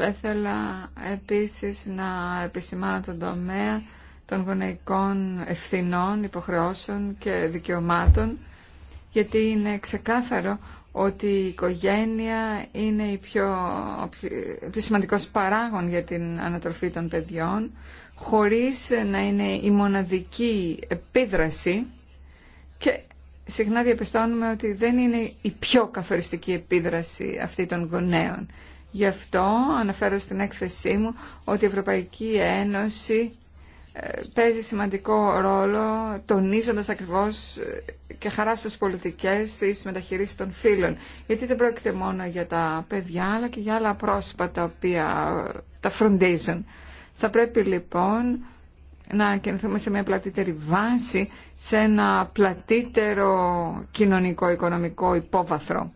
Θα ήθελα επίσης να επισημάνω τον τομέα των γονεϊκών ευθυνών, υποχρεώσεων και δικαιωμάτων, γιατί είναι ξεκάθαρο ότι η οικογένεια είναι η πιο, ο πιο σημαντικός παράγων για την ανατροφή των παιδιών, χωρίς να είναι η μοναδική επίδραση και συχνά διαπιστώνουμε ότι δεν είναι η πιο καθοριστική επίδραση αυτή των γονέων. Γι' αυτό αναφέρω στην έκθεσή μου ότι η Ευρωπαϊκή Ένωση ε, παίζει σημαντικό ρόλο τονίζοντας ακριβώς ε, και χαρά στις πολιτικές ή μεταχειρήσεις των φίλων. Γιατί δεν πρόκειται μόνο για τα παιδιά αλλά και για άλλα πρόσωπα τα οποία ε, τα φροντίζουν. Θα πρέπει λοιπόν να κινηθούμε σε μια πλατύτερη βάση, σε ένα πλατύτερο κοινωνικό-οικονομικό υπόβαθρο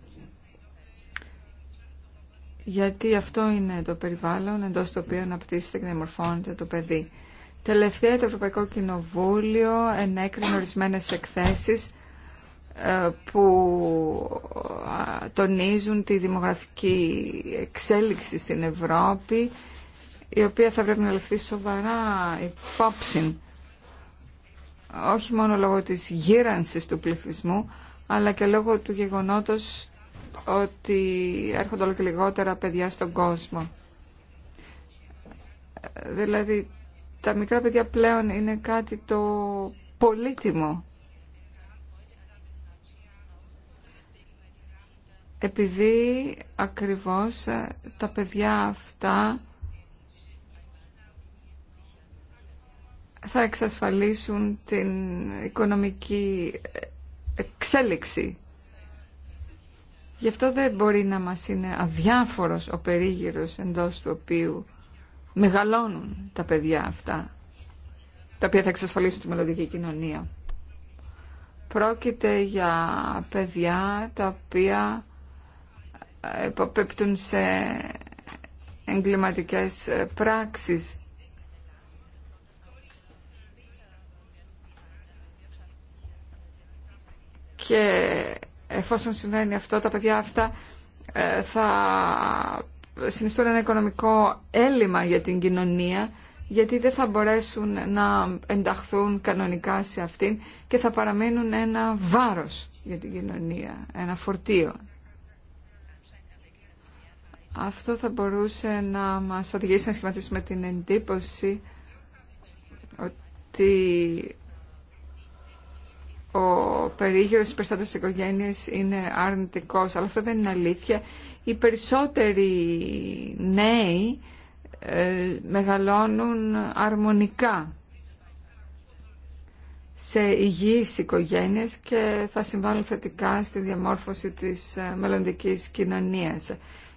γιατί αυτό είναι το περιβάλλον εντός του οποίου αναπτύσσεται και διαμορφώνεται το παιδί. Τελευταία το Ευρωπαϊκό Κοινοβούλιο ενέκρινε ορισμένες εκθέσεις ε, που ε, τονίζουν τη δημογραφική εξέλιξη στην Ευρώπη η οποία θα πρέπει να λεφθεί σοβαρά υπόψη όχι μόνο λόγω της γύρανσης του πληθυσμού αλλά και λόγω του γεγονότος ότι έρχονται όλο και λιγότερα παιδιά στον κόσμο. Δηλαδή, τα μικρά παιδιά πλέον είναι κάτι το πολύτιμο. Επειδή ακριβώς ε, τα παιδιά αυτά θα εξασφαλίσουν την οικονομική ε, εξέλιξη Γι' αυτό δεν μπορεί να μας είναι αδιάφορος ο περίγυρος εντός του οποίου μεγαλώνουν τα παιδιά αυτά, τα οποία θα εξασφαλίσουν τη μελλοντική κοινωνία. Πρόκειται για παιδιά τα οποία υποπέπτουν σε εγκληματικές πράξεις. Και εφόσον συμβαίνει αυτό, τα παιδιά αυτά ε, θα συνιστούν ένα οικονομικό έλλειμμα για την κοινωνία γιατί δεν θα μπορέσουν να ενταχθούν κανονικά σε αυτήν και θα παραμείνουν ένα βάρος για την κοινωνία, ένα φορτίο. Αυτό θα μπορούσε να μας οδηγήσει να σχηματίσουμε την εντύπωση ότι ο περίγυρος της περισσότερης οικογένειας είναι αρνητικός, αλλά αυτό δεν είναι αλήθεια. Οι περισσότεροι νέοι ε, μεγαλώνουν αρμονικά σε υγιείς οικογένειες και θα συμβάλλουν θετικά στη διαμόρφωση της ε, μελλοντικής κοινωνίας.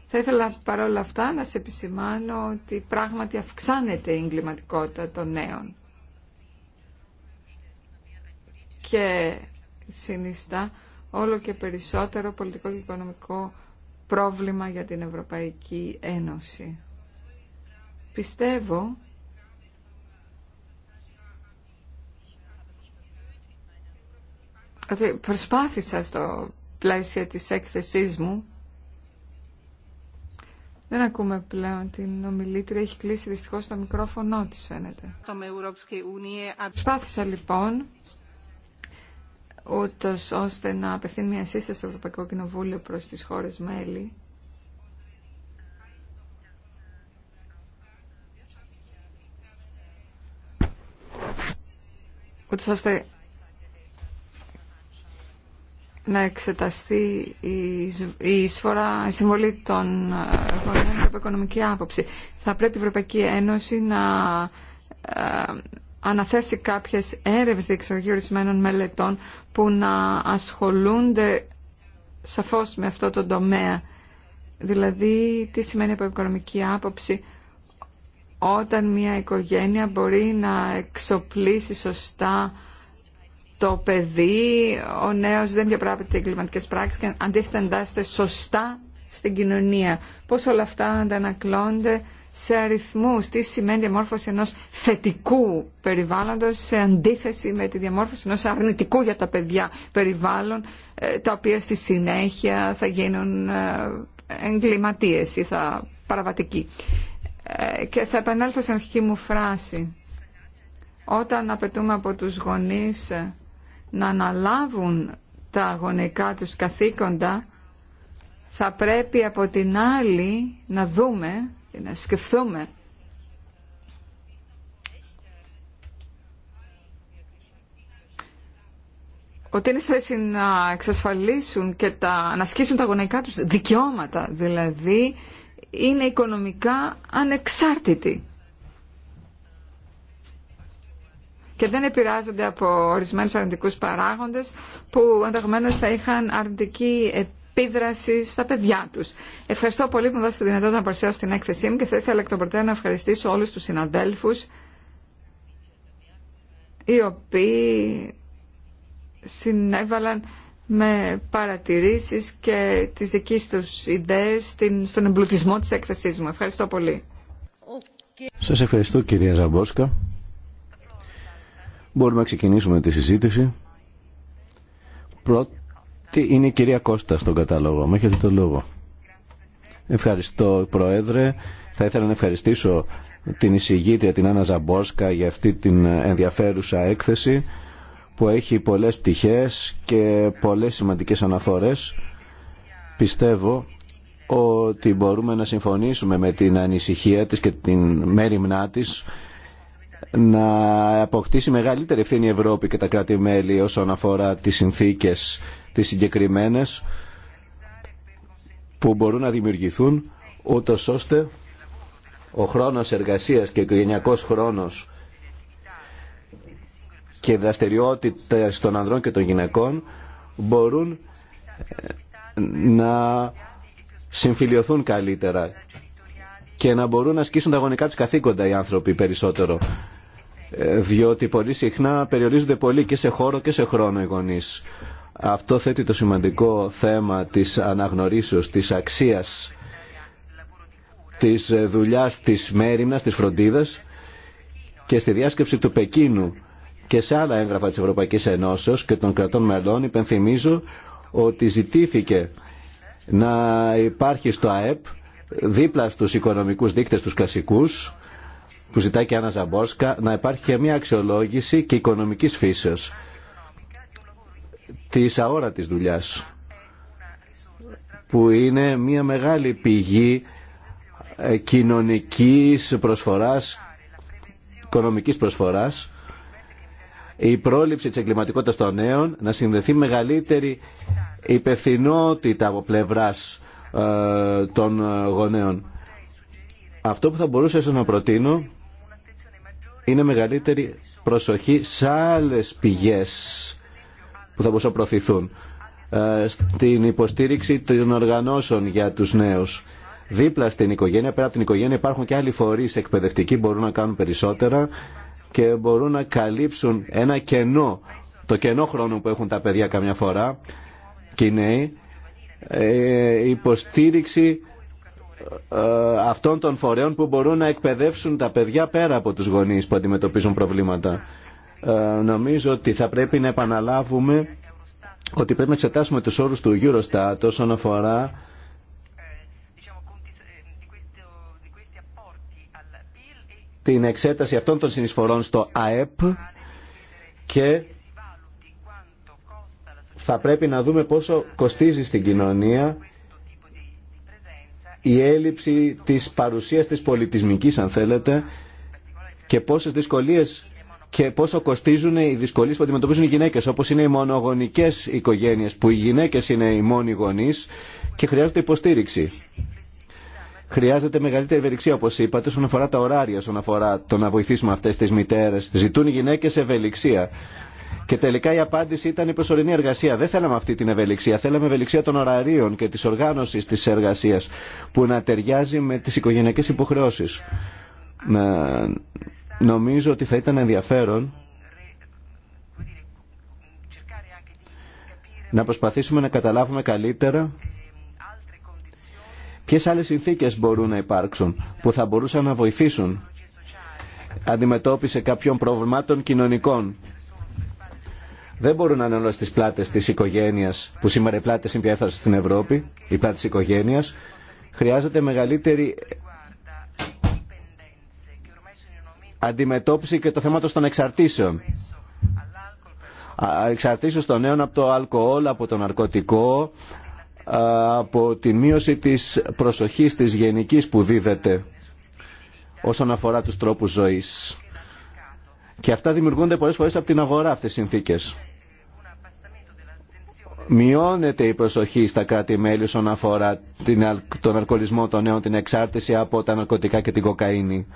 Θα ήθελα παρόλα αυτά να σε επισημάνω ότι πράγματι αυξάνεται η εγκληματικότητα των νέων και συνιστά όλο και περισσότερο πολιτικό και οικονομικό πρόβλημα για την Ευρωπαϊκή Ένωση. Πιστεύω ότι προσπάθησα στο πλαίσιο της έκθεσής μου δεν ακούμε πλέον την ομιλήτρια, έχει κλείσει δυστυχώς το μικρόφωνο της φαίνεται. Προσπάθησα λοιπόν ούτω ώστε να απευθύνει μια σύσταση στο Ευρωπαϊκό Κοινοβούλιο προς τις χώρες μέλη. Ούτως ώστε να εξεταστεί η εισφορά, η συμβολή των ε, γονέων από οικονομική άποψη. Θα πρέπει η Ευρωπαϊκή Ένωση να ε, αναθέσει κάποιες έρευνες διεξογειορισμένων μελετών που να ασχολούνται σαφώς με αυτό το τομέα. Δηλαδή, τι σημαίνει από οικονομική άποψη όταν μια οικογένεια μπορεί να εξοπλίσει σωστά το παιδί, ο νέος δεν διαπράβεται εγκληματικές πράξεις και αντίθετα εντάσσεται σωστά στην κοινωνία. Πώς όλα αυτά αντανακλώνται σε αριθμούς τι σημαίνει διαμόρφωση ενός θετικού περιβάλλοντος σε αντίθεση με τη διαμόρφωση ενός αρνητικού για τα παιδιά περιβάλλον ε, τα οποία στη συνέχεια θα γίνουν ε, εγκληματίες ή θα παραβατικοί. Ε, και θα επανέλθω στην αρχική μου φράση. Όταν απαιτούμε από τους γονείς να αναλάβουν τα γονικά τους καθήκοντα, θα πρέπει από την άλλη να δούμε να σκεφτούμε ότι είναι στη θέση να εξασφαλίσουν και τα, να ασκήσουν τα γονεϊκά τους δικαιώματα, δηλαδή είναι οικονομικά ανεξάρτητοι. και δεν επηρεάζονται από ορισμένους αρνητικούς παράγοντες που ενδεχομένω θα είχαν αρνητική επίδραση στα παιδιά τους. Ευχαριστώ πολύ που μου δώσετε τη δυνατότητα να παρουσιάσω την έκθεσή μου και θα ήθελα εκ των προτέρων να ευχαριστήσω όλου του συναδέλφους οι οποίοι συνέβαλαν με παρατηρήσεις και τις δικέ τους ιδέες στον εμπλουτισμό της έκθεσής μου. Ευχαριστώ πολύ. Σας ευχαριστώ κυρία Ζαμπόσκα. Μπορούμε να ξεκινήσουμε τη συζήτηση είναι η κυρία Κώστα στον κατάλογο. το λόγο. Ευχαριστώ, Πρόεδρε. Θα ήθελα να ευχαριστήσω την εισηγήτρια, την Άννα Ζαμπόρσκα, για αυτή την ενδιαφέρουσα έκθεση που έχει πολλές πτυχές και πολλές σημαντικές αναφορές. Πιστεύω ότι μπορούμε να συμφωνήσουμε με την ανησυχία της και την μέρημνά της να αποκτήσει μεγαλύτερη ευθύνη η Ευρώπη και τα κράτη-μέλη όσον αφορά τις συνθήκες τις συγκεκριμένες που μπορούν να δημιουργηθούν ούτως ώστε ο χρόνος εργασίας και ο οικογενειακός χρόνος και δραστηριότητα των ανδρών και των γυναικών μπορούν ε, να συμφιλειωθούν καλύτερα και να μπορούν να ασκήσουν τα γονικά τους καθήκοντα οι άνθρωποι περισσότερο. Ε, διότι πολύ συχνά περιορίζονται πολύ και σε χώρο και σε χρόνο οι γονείς. Αυτό θέτει το σημαντικό θέμα της αναγνωρίσεως, της αξίας της δουλειάς της μέρημνας, της φροντίδας και στη διάσκεψη του Πεκίνου και σε άλλα έγγραφα της Ευρωπαϊκής Ενώσεως και των κρατών μελών υπενθυμίζω ότι ζητήθηκε να υπάρχει στο ΑΕΠ δίπλα στους οικονομικούς δείκτες τους κλασικούς που ζητάει και Άννα Ζαμπόρσκα να υπάρχει και μια αξιολόγηση και οικονομικής φύσεως της αόρατης δουλειάς που είναι μια μεγάλη πηγή ε, κοινωνικής προσφοράς, οικονομικής προσφοράς η πρόληψη της εγκληματικότητας των νέων να συνδεθεί μεγαλύτερη υπευθυνότητα από πλευράς ε, των γονέων. Αυτό που θα μπορούσα να προτείνω είναι μεγαλύτερη προσοχή σε άλλες πηγές που θα μπορούσαν να ε, στην υποστήριξη των οργανώσεων για τους νέους. Δίπλα στην οικογένεια, πέρα από την οικογένεια υπάρχουν και άλλοι φορείς εκπαιδευτικοί μπορούν να κάνουν περισσότερα και μπορούν να καλύψουν ένα κενό, το κενό χρόνο που έχουν τα παιδιά καμιά φορά και οι νέοι, ε, υποστήριξη ε, αυτών των φορέων που μπορούν να εκπαιδεύσουν τα παιδιά πέρα από τους γονείς που αντιμετωπίζουν προβλήματα. Ε, νομίζω ότι θα πρέπει να επαναλάβουμε ότι πρέπει να εξετάσουμε τους όρους του Eurostat όσον αφορά την εξέταση αυτών των συνεισφορών στο ΑΕΠ και θα πρέπει να δούμε πόσο κοστίζει στην κοινωνία η έλλειψη της παρουσίας της πολιτισμικής αν θέλετε και πόσες δυσκολίες και πόσο κοστίζουν οι δυσκολίε που αντιμετωπίζουν οι γυναίκε, όπω είναι οι μονογονικέ οικογένειε, που οι γυναίκε είναι οι μόνοι γονεί και χρειάζονται υποστήριξη. Χρειάζεται μεγαλύτερη ευελιξία, όπω είπατε, όσον αφορά τα ωράρια, όσον αφορά το να βοηθήσουμε αυτέ τι μητέρε. Ζητούν οι γυναίκε ευελιξία. Και τελικά η απάντηση ήταν η προσωρινή εργασία. Δεν θέλαμε αυτή την ευελιξία. Θέλαμε ευελιξία των ωραρίων και τη οργάνωση τη εργασία που να ταιριάζει με τι οικογενειακέ υποχρεώσει να νομίζω ότι θα ήταν ενδιαφέρον να προσπαθήσουμε να καταλάβουμε καλύτερα ποιες άλλες συνθήκες μπορούν να υπάρξουν που θα μπορούσαν να βοηθήσουν αντιμετώπιση κάποιων προβλημάτων κοινωνικών. Δεν μπορούν να είναι όλες τι πλάτες της οικογένειας, που σήμερα οι πλάτε είναι πια στην Ευρώπη, οι πλάτη της οικογένειας. Χρειάζεται μεγαλύτερη αντιμετώπιση και το θέμα των εξαρτήσεων. Εξαρτήσεως των νέων από το αλκοόλ, από το ναρκωτικό, από τη μείωση της προσοχής της γενικής που δίδεται όσον αφορά τους τρόπους ζωής. Και αυτά δημιουργούνται πολλές φορές από την αγορά αυτές τις συνθήκες. Μειώνεται η προσοχή στα κράτη-μέλη όσον αφορά τον αλκοολισμό των νέων, την εξάρτηση από τα ναρκωτικά και την κοκαίνη.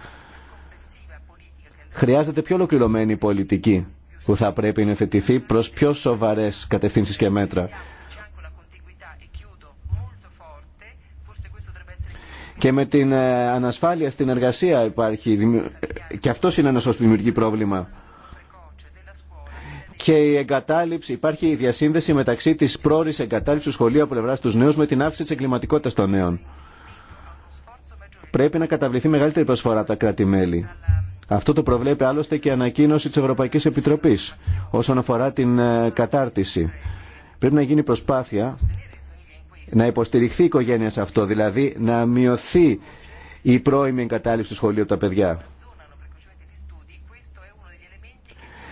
Χρειάζεται πιο ολοκληρωμένη πολιτική που θα πρέπει να θετηθεί προς πιο σοβαρές κατευθύνσεις και μέτρα. Και με την ε, ανασφάλεια στην εργασία υπάρχει, και αυτό είναι ένα ως δημιουργεί πρόβλημα. Και η εγκατάλειψη, υπάρχει η διασύνδεση μεταξύ της πρόορης εγκατάλειψης του σχολείου από πλευράς τους νέους με την αύξηση της εγκληματικότητας των νέων. Πρέπει να καταβληθεί μεγαλύτερη προσφορά από τα κράτη-μέλη αυτό το προβλέπει άλλωστε και η ανακοίνωση της Ευρωπαϊκής Επιτροπής όσον αφορά την ε, κατάρτιση. Πρέπει να γίνει προσπάθεια να υποστηριχθεί η οικογένεια σε αυτό, δηλαδή να μειωθεί η πρώιμη εγκατάλειψη του σχολείου από τα παιδιά.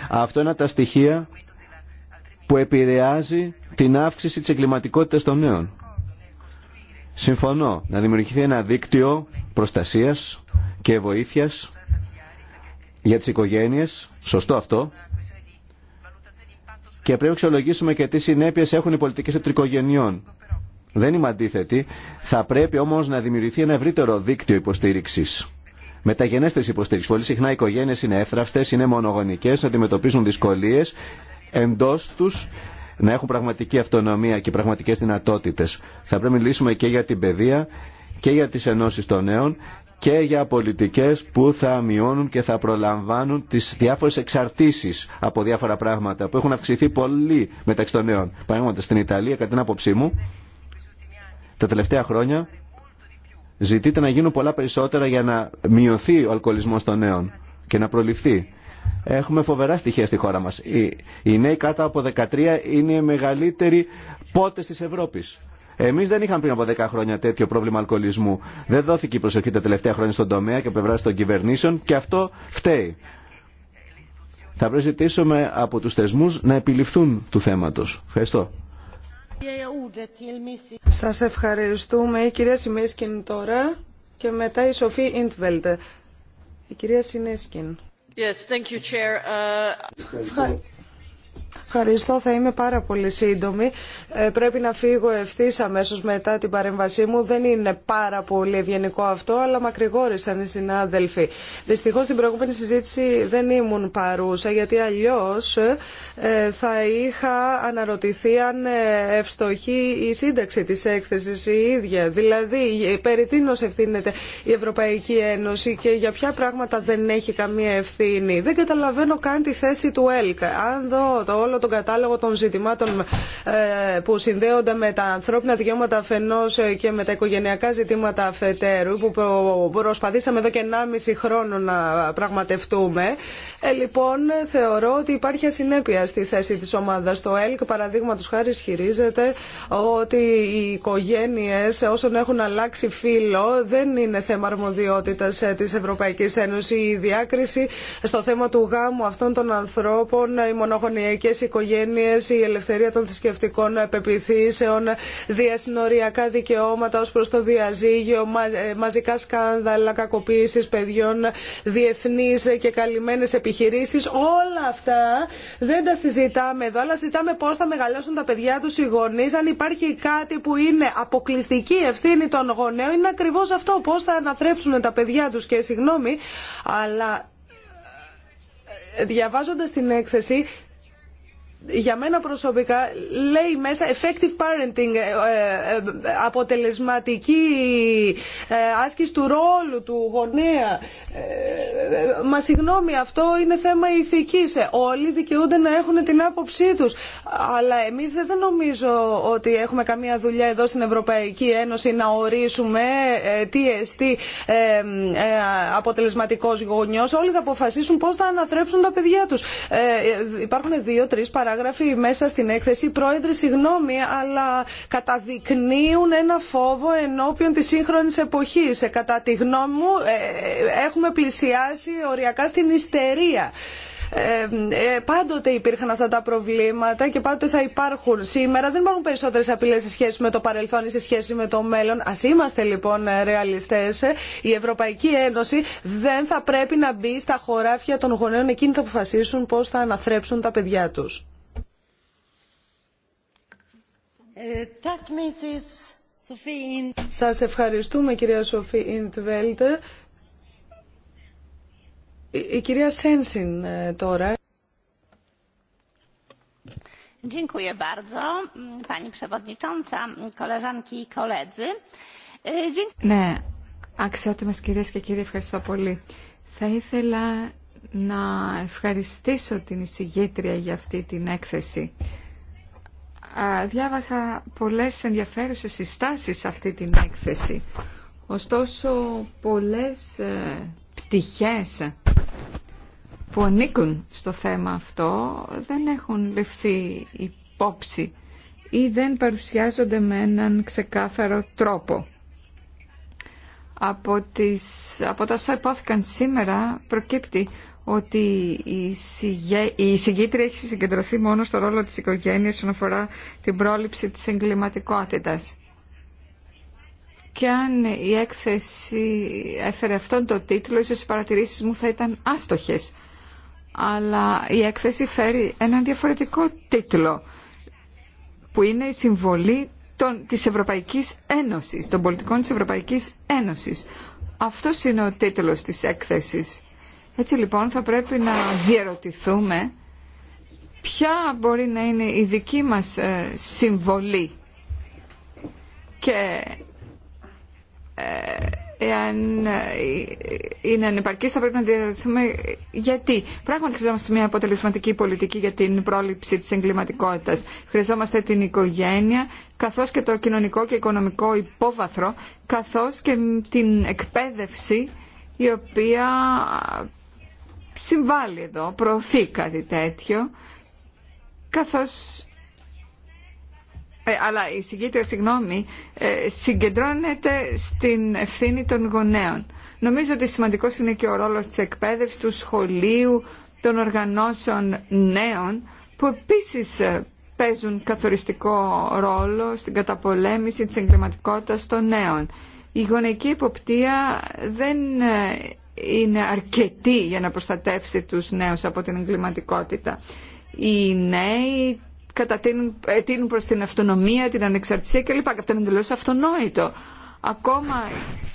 Αυτό είναι τα στοιχεία που επηρεάζει την αύξηση της εγκληματικότητας των νέων. Συμφωνώ να δημιουργηθεί ένα δίκτυο προστασίας και βοήθειας για τις οικογένειες, σωστό αυτό, και πρέπει να αξιολογήσουμε και τι συνέπειες έχουν οι πολιτικές ετρικογενειών. Δεν είμαι αντίθετη. Θα πρέπει όμως να δημιουργηθεί ένα ευρύτερο δίκτυο υποστήριξης. Μεταγενέστερη υποστήριξης. Πολύ συχνά οι οικογένειε είναι εύθραυστε, είναι μονογονικές, αντιμετωπίζουν δυσκολίε Εντός τους να έχουν πραγματική αυτονομία και πραγματικές δυνατότητες. Θα πρέπει να μιλήσουμε και για την παιδεία και για τι ενώσει των νέων και για πολιτικές που θα μειώνουν και θα προλαμβάνουν τις διάφορες εξαρτήσεις από διάφορα πράγματα που έχουν αυξηθεί πολύ μεταξύ των νέων. Παραδείγματα στην Ιταλία, κατά την άποψή μου, τα τελευταία χρόνια ζητείται να γίνουν πολλά περισσότερα για να μειωθεί ο αλκοολισμός των νέων και να προληφθεί. Έχουμε φοβερά στοιχεία στη χώρα μας. Οι, οι νέοι κάτω από 13 είναι οι μεγαλύτεροι πότες της Ευρώπης. Εμεί δεν είχαμε πριν από 10 χρόνια τέτοιο πρόβλημα αλκοολισμού. Δεν δόθηκε η προσοχή τα τελευταία χρόνια στον τομέα και πλευρά των κυβερνήσεων και αυτό φταίει. Θα πρέπει ζητήσουμε από του θεσμού να επιληφθούν του θέματο. Ευχαριστώ. Σας ευχαριστούμε. Η κυρία Σιμίσκιν τώρα και μετά η Σοφή Ιντβέλτε. Η κυρία Σινέσκιν. Yes, thank you, Chair. Ευχαριστώ. Ευχαριστώ, θα είμαι πάρα πολύ σύντομη. Ε, πρέπει να φύγω ευθύ αμέσω μετά την παρέμβασή μου. Δεν είναι πάρα πολύ ευγενικό αυτό, αλλά μακρηγόρησαν οι συνάδελφοι. Δυστυχώ στην προηγούμενη συζήτηση δεν ήμουν παρούσα, γιατί αλλιώ ε, θα είχα αναρωτηθεί αν ε, ευστοχεί η σύνταξη τη έκθεση η ίδια. Δηλαδή, ε, περί τίνο ευθύνεται η Ευρωπαϊκή Ένωση και για ποια πράγματα δεν έχει καμία ευθύνη. Δεν καταλαβαίνω καν τη θέση του ΕΛΚ. Αν δω όλο τον κατάλογο των ζητημάτων ε, που συνδέονται με τα ανθρώπινα δικαιώματα αφενό ε, και με τα οικογενειακά ζητήματα αφετέρου, που προσπαθήσαμε εδώ και 1,5 χρόνο να πραγματευτούμε. Ε, λοιπόν, θεωρώ ότι υπάρχει ασυνέπεια στη θέση τη ομάδα. Το ΕΛΚ, παραδείγματο χάρη, ισχυρίζεται ότι οι οικογένειε όσων έχουν αλλάξει φύλλο δεν είναι θέμα αρμοδιότητα ε, τη Ευρωπαϊκή Ένωση. Η διάκριση στο θέμα του γάμου αυτών των ανθρώπων, η μονογονιακή εθνικές οικογένειες, η ελευθερία των θρησκευτικών πεπιθήσεων, διασυνοριακά δικαιώματα ω προ το διαζύγιο, ε, μαζικά σκάνδαλα κακοποίηση παιδιών, διεθνεί και καλυμμένε επιχειρήσει. Όλα αυτά δεν τα συζητάμε εδώ, αλλά συζητάμε πώ θα μεγαλώσουν τα παιδιά του οι γονεί, αν υπάρχει κάτι που είναι αποκλειστική ευθύνη των γονέων, είναι ακριβώ αυτό, πώ θα αναθρέψουν τα παιδιά του και συγγνώμη, αλλά ε, διαβάζοντας την έκθεση για μένα προσωπικά λέει μέσα effective parenting, ε, ε, ε, αποτελεσματική άσκηση του ρόλου του γονέα. Μα συγγνώμη, αυτό είναι θέμα ηθικής. Όλοι δικαιούνται να έχουν την άποψή τους. Αλλά εμείς δεν νομίζω ότι έχουμε καμία δουλειά εδώ στην Ευρωπαϊκή Ένωση να ορίσουμε τι εστί αποτελεσματικός γονιός. Όλοι θα αποφασίσουν πώς θα αναθρέψουν τα παιδιά τους. Υπάρχουν δύο-τρεις παράγοντες παράγραφοι μέσα στην έκθεση, πρόεδροι, συγγνώμη, αλλά καταδεικνύουν ένα φόβο ενώπιον τη σύγχρονη εποχή. Ε, κατά τη γνώμη μου, ε, ε, έχουμε πλησιάσει οριακά στην ιστερία. Ε, πάντοτε υπήρχαν αυτά τα προβλήματα και πάντοτε θα υπάρχουν. Σήμερα δεν υπάρχουν περισσότερε απειλέ σε σχέση με το παρελθόν ή σε σχέση με το μέλλον. Α είμαστε λοιπόν ρεαλιστέ. Η Ευρωπαϊκή Ένωση δεν θα πρέπει να μπει στα χωράφια των γονέων εκείνοι θα αποφασίσουν πώ θα αναθρέψουν τα παιδιά του. Σας ευχαριστούμε κυρία Σοφή Ιντβέλτε. Η κυρία Σένσιν ε, τώρα. Dziękuję bardzo, pani przewodnicząca, koleżanki i koledzy. E, ναι, αξιότιμες κυρίες και κύριοι, ευχαριστώ πολύ. Θα ήθελα να ευχαριστήσω την εισηγήτρια για αυτή την έκθεση διάβασα πολλές ενδιαφέρουσες συστάσεις σε αυτή την έκθεση. Ωστόσο, πολλές ε, πτυχές που ανήκουν στο θέμα αυτό δεν έχουν ληφθεί υπόψη ή δεν παρουσιάζονται με έναν ξεκάθαρο τρόπο. Από, τις, από τα όσα υπόθηκαν σήμερα προκύπτει ότι η συγκήτρια έχει συγκεντρωθεί μόνο στο ρόλο της οικογένειας όσον αφορά την πρόληψη της εγκληματικότητα. Και αν η έκθεση έφερε αυτόν τον τίτλο, ίσως οι παρατηρήσεις μου θα ήταν άστοχες. Αλλά η έκθεση φέρει έναν διαφορετικό τίτλο, που είναι η συμβολή των, της Ευρωπαϊκής Ένωσης, των πολιτικών της Ευρωπαϊκής Ένωσης. Αυτός είναι ο τίτλος της έκθεσης έτσι λοιπόν θα πρέπει να διερωτηθούμε ποια μπορεί να είναι η δική μας ε, συμβολή και ε, εάν ε, είναι ανεπαρκής θα πρέπει να διαρωτηθούμε γιατί. Πράγματι χρειαζόμαστε μια αποτελεσματική πολιτική για την πρόληψη της εγκληματικότητας. Χρειαζόμαστε την οικογένεια καθώς και το κοινωνικό και οικονομικό υπόβαθρο καθώς και την εκπαίδευση η οποία συμβάλλει εδώ, προωθεί κάτι τέτοιο, καθώς... Ε, αλλά η συγκίτρια, συγγνώμη, ε, συγκεντρώνεται στην ευθύνη των γονέων. Νομίζω ότι σημαντικός είναι και ο ρόλος της εκπαίδευσης, του σχολείου, των οργανώσεων νέων, που επίσης ε, παίζουν καθοριστικό ρόλο στην καταπολέμηση της εγκληματικότητας των νέων. Η γονεϊκή υποπτία δεν είναι αρκετή για να προστατεύσει τους νέους από την εγκληματικότητα. Οι νέοι κατατείνουν προς την αυτονομία, την ανεξαρτησία κλπ. Και αυτό είναι εντελώς αυτονόητο. Ακόμα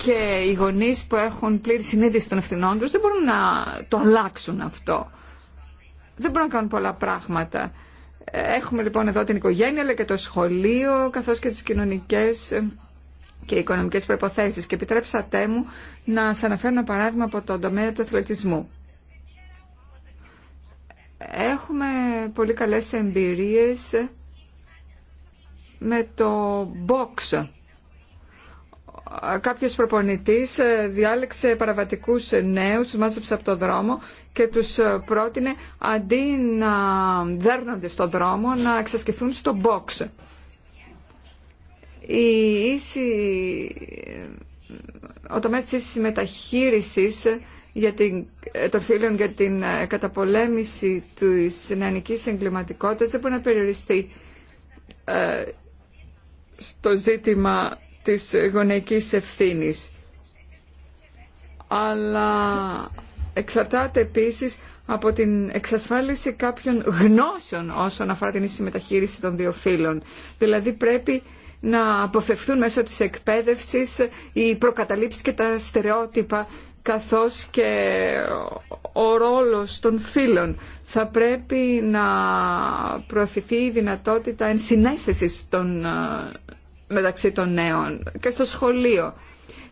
και οι γονείς που έχουν πλήρη συνείδηση των ευθυνών τους δεν μπορούν να το αλλάξουν αυτό. Δεν μπορούν να κάνουν πολλά πράγματα. Έχουμε λοιπόν εδώ την οικογένεια αλλά και το σχολείο καθώς και τις κοινωνικές και οικονομικέ προποθέσει και επιτρέψατε μου να σα αναφέρω ένα παράδειγμα από τον τομέα του αθλητισμού. Έχουμε πολύ καλές εμπειρίες με το box. Κάποιος προπονητής ε, διάλεξε παραβατικούς νέους, τους μάζεψε από το δρόμο και τους ε, πρότεινε αντί να δέρνονται στο δρόμο να εξασκηθούν στο box η ίση, ο τομέας της ίσης μεταχείρισης για την, των φίλων για την ε, καταπολέμηση του νεανικής εγκληματικότητας δεν μπορεί να περιοριστεί ε, στο ζήτημα της γονεϊκής ευθύνης. Αλλά εξαρτάται επίσης από την εξασφάλιση κάποιων γνώσεων όσον αφορά την ίση μεταχείριση των δύο φίλων, Δηλαδή πρέπει να αποφευθούν μέσω της εκπαίδευσης οι προκαταλήψεις και τα στερεότυπα καθώς και ο ρόλος των φίλων. Θα πρέπει να προωθηθεί η δυνατότητα ενσυναίσθησης των, ε, μεταξύ των νέων και στο σχολείο.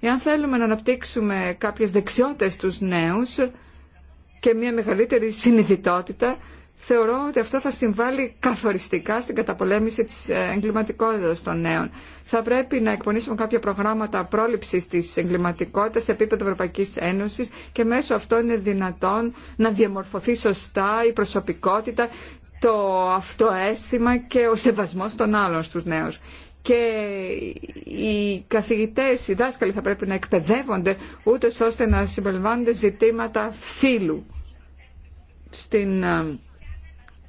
Εάν θέλουμε να αναπτύξουμε κάποιες δεξιότητες τους νέους και μια μεγαλύτερη συνειδητότητα, θεωρώ ότι αυτό θα συμβάλλει καθοριστικά στην καταπολέμηση της ε, εγκληματικότητας των νέων. Θα πρέπει να εκπονήσουμε κάποια προγράμματα πρόληψης της εγκληματικότητας σε επίπεδο Ευρωπαϊκής Ένωσης και μέσω αυτών είναι δυνατόν να διαμορφωθεί σωστά η προσωπικότητα, το αυτοαίσθημα και ο σεβασμός των άλλων στους νέους και οι καθηγητές, οι δάσκαλοι θα πρέπει να εκπαιδεύονται ούτως ώστε να συμπεριλαμβάνονται ζητήματα φύλου στην ε,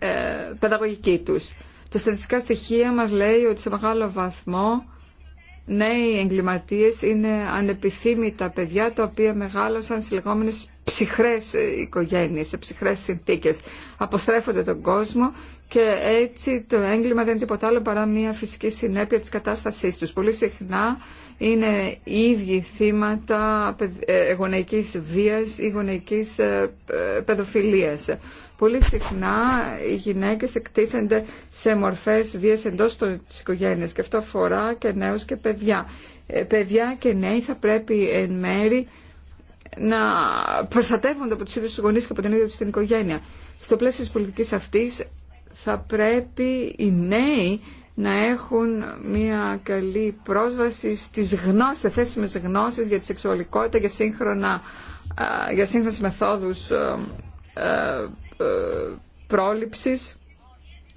ε, παιδαγωγική τους. Τα στατιστικά στοιχεία μας λέει ότι σε μεγάλο βαθμό νέοι εγκληματίες είναι ανεπιθύμητα παιδιά τα οποία μεγάλωσαν σε λεγόμενες ψυχρές ε, οικογένειες, σε ψυχρές συνθήκες. Αποστρέφονται τον κόσμο και έτσι το έγκλημα δεν είναι τίποτα άλλο παρά μια φυσική συνέπεια της κατάστασής τους. Πολύ συχνά είναι οι ίδιοι θύματα ε, γονεϊκής βίας ή γονεϊκής παιδοφιλίας. Πολύ συχνά οι γυναίκες εκτίθενται σε μορφές βίας εντός της οικογένειας και αυτό αφορά και νέους και παιδιά. Ε, παιδιά και νέοι θα πρέπει εν μέρη να προστατεύονται από τους ίδιους τους γονείς και από την ίδια τους την οικογένεια. Στο πλαίσιο της πολιτικής αυτής θα πρέπει οι νέοι να έχουν μια καλή πρόσβαση στις γνώσεις, στις θέσιμες γνώσεις για τη σεξουαλικότητα, για σύγχρονα για σύγχρονες ε, ε, ε, πρόληψης,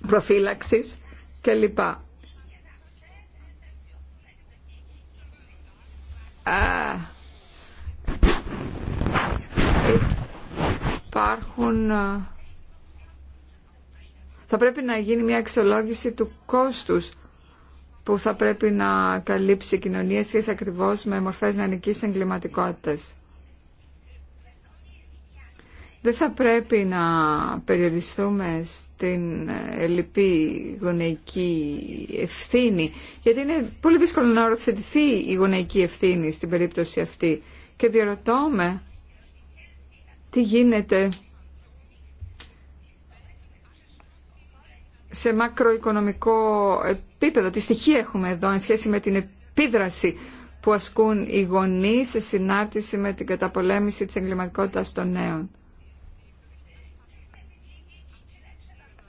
προφύλαξης κλπ. Υπάρχουν... Ε, θα πρέπει να γίνει μια αξιολόγηση του κόστους που θα πρέπει να καλύψει η κοινωνία σχέση ακριβώς με μορφές νεανικής εγκληματικότητας. Δεν θα πρέπει να περιοριστούμε στην ε, ελληπή γονεϊκή ευθύνη, γιατί είναι πολύ δύσκολο να οροθετηθεί η γονεϊκή ευθύνη στην περίπτωση αυτή. Και διαρωτώ με τι γίνεται σε μακροοικονομικό επίπεδο. Τι στοιχεία έχουμε εδώ εν σχέση με την επίδραση που ασκούν οι γονείς σε συνάρτηση με την καταπολέμηση της εγκληματικότητας των νέων.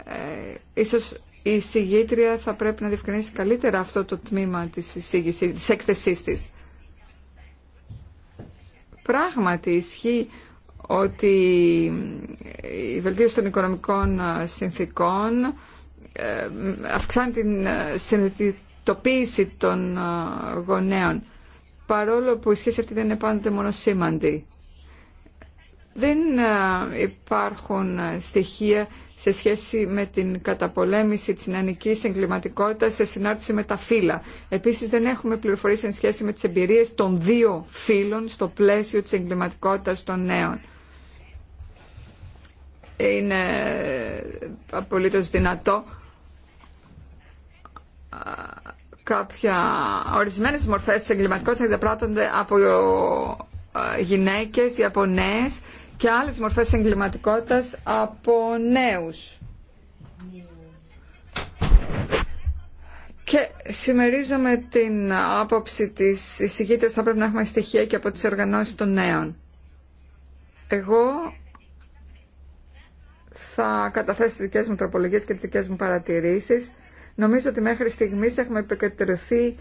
Ε, ίσως η εισηγήτρια θα πρέπει να διευκρινίσει καλύτερα αυτό το τμήμα της εισήγησης, της έκθεσής της. Πράγματι ισχύει ότι η βελτίωση των οικονομικών ε, συνθήκων ε, αυξάνει την συνειδητοποίηση των γονέων παρόλο που η σχέση αυτή δεν είναι πάντοτε σήμαντη. Δεν υπάρχουν στοιχεία σε σχέση με την καταπολέμηση της νεανικής εγκληματικότητας σε συνάρτηση με τα φύλλα. Επίσης δεν έχουμε πληροφορίες σε σχέση με τις εμπειρίες των δύο φύλων στο πλαίσιο της εγκληματικότητας των νέων. Είναι απολύτως δυνατό κάποια ορισμένες μορφές της εγκληματικότητας να διαπράττονται από γυναίκες ή από νέες και άλλες μορφές εγκληματικότητας από νέους. Και συμμερίζομαι την άποψη της εισηγήτρια ότι θα πρέπει να έχουμε στοιχεία και από τις οργανώσεις των νέων. Εγώ θα καταθέσω τις δικές μου τροπολογίες και τις δικές μου παρατηρήσεις. Νομίζω ότι μέχρι στιγμής έχουμε επικεντρωθεί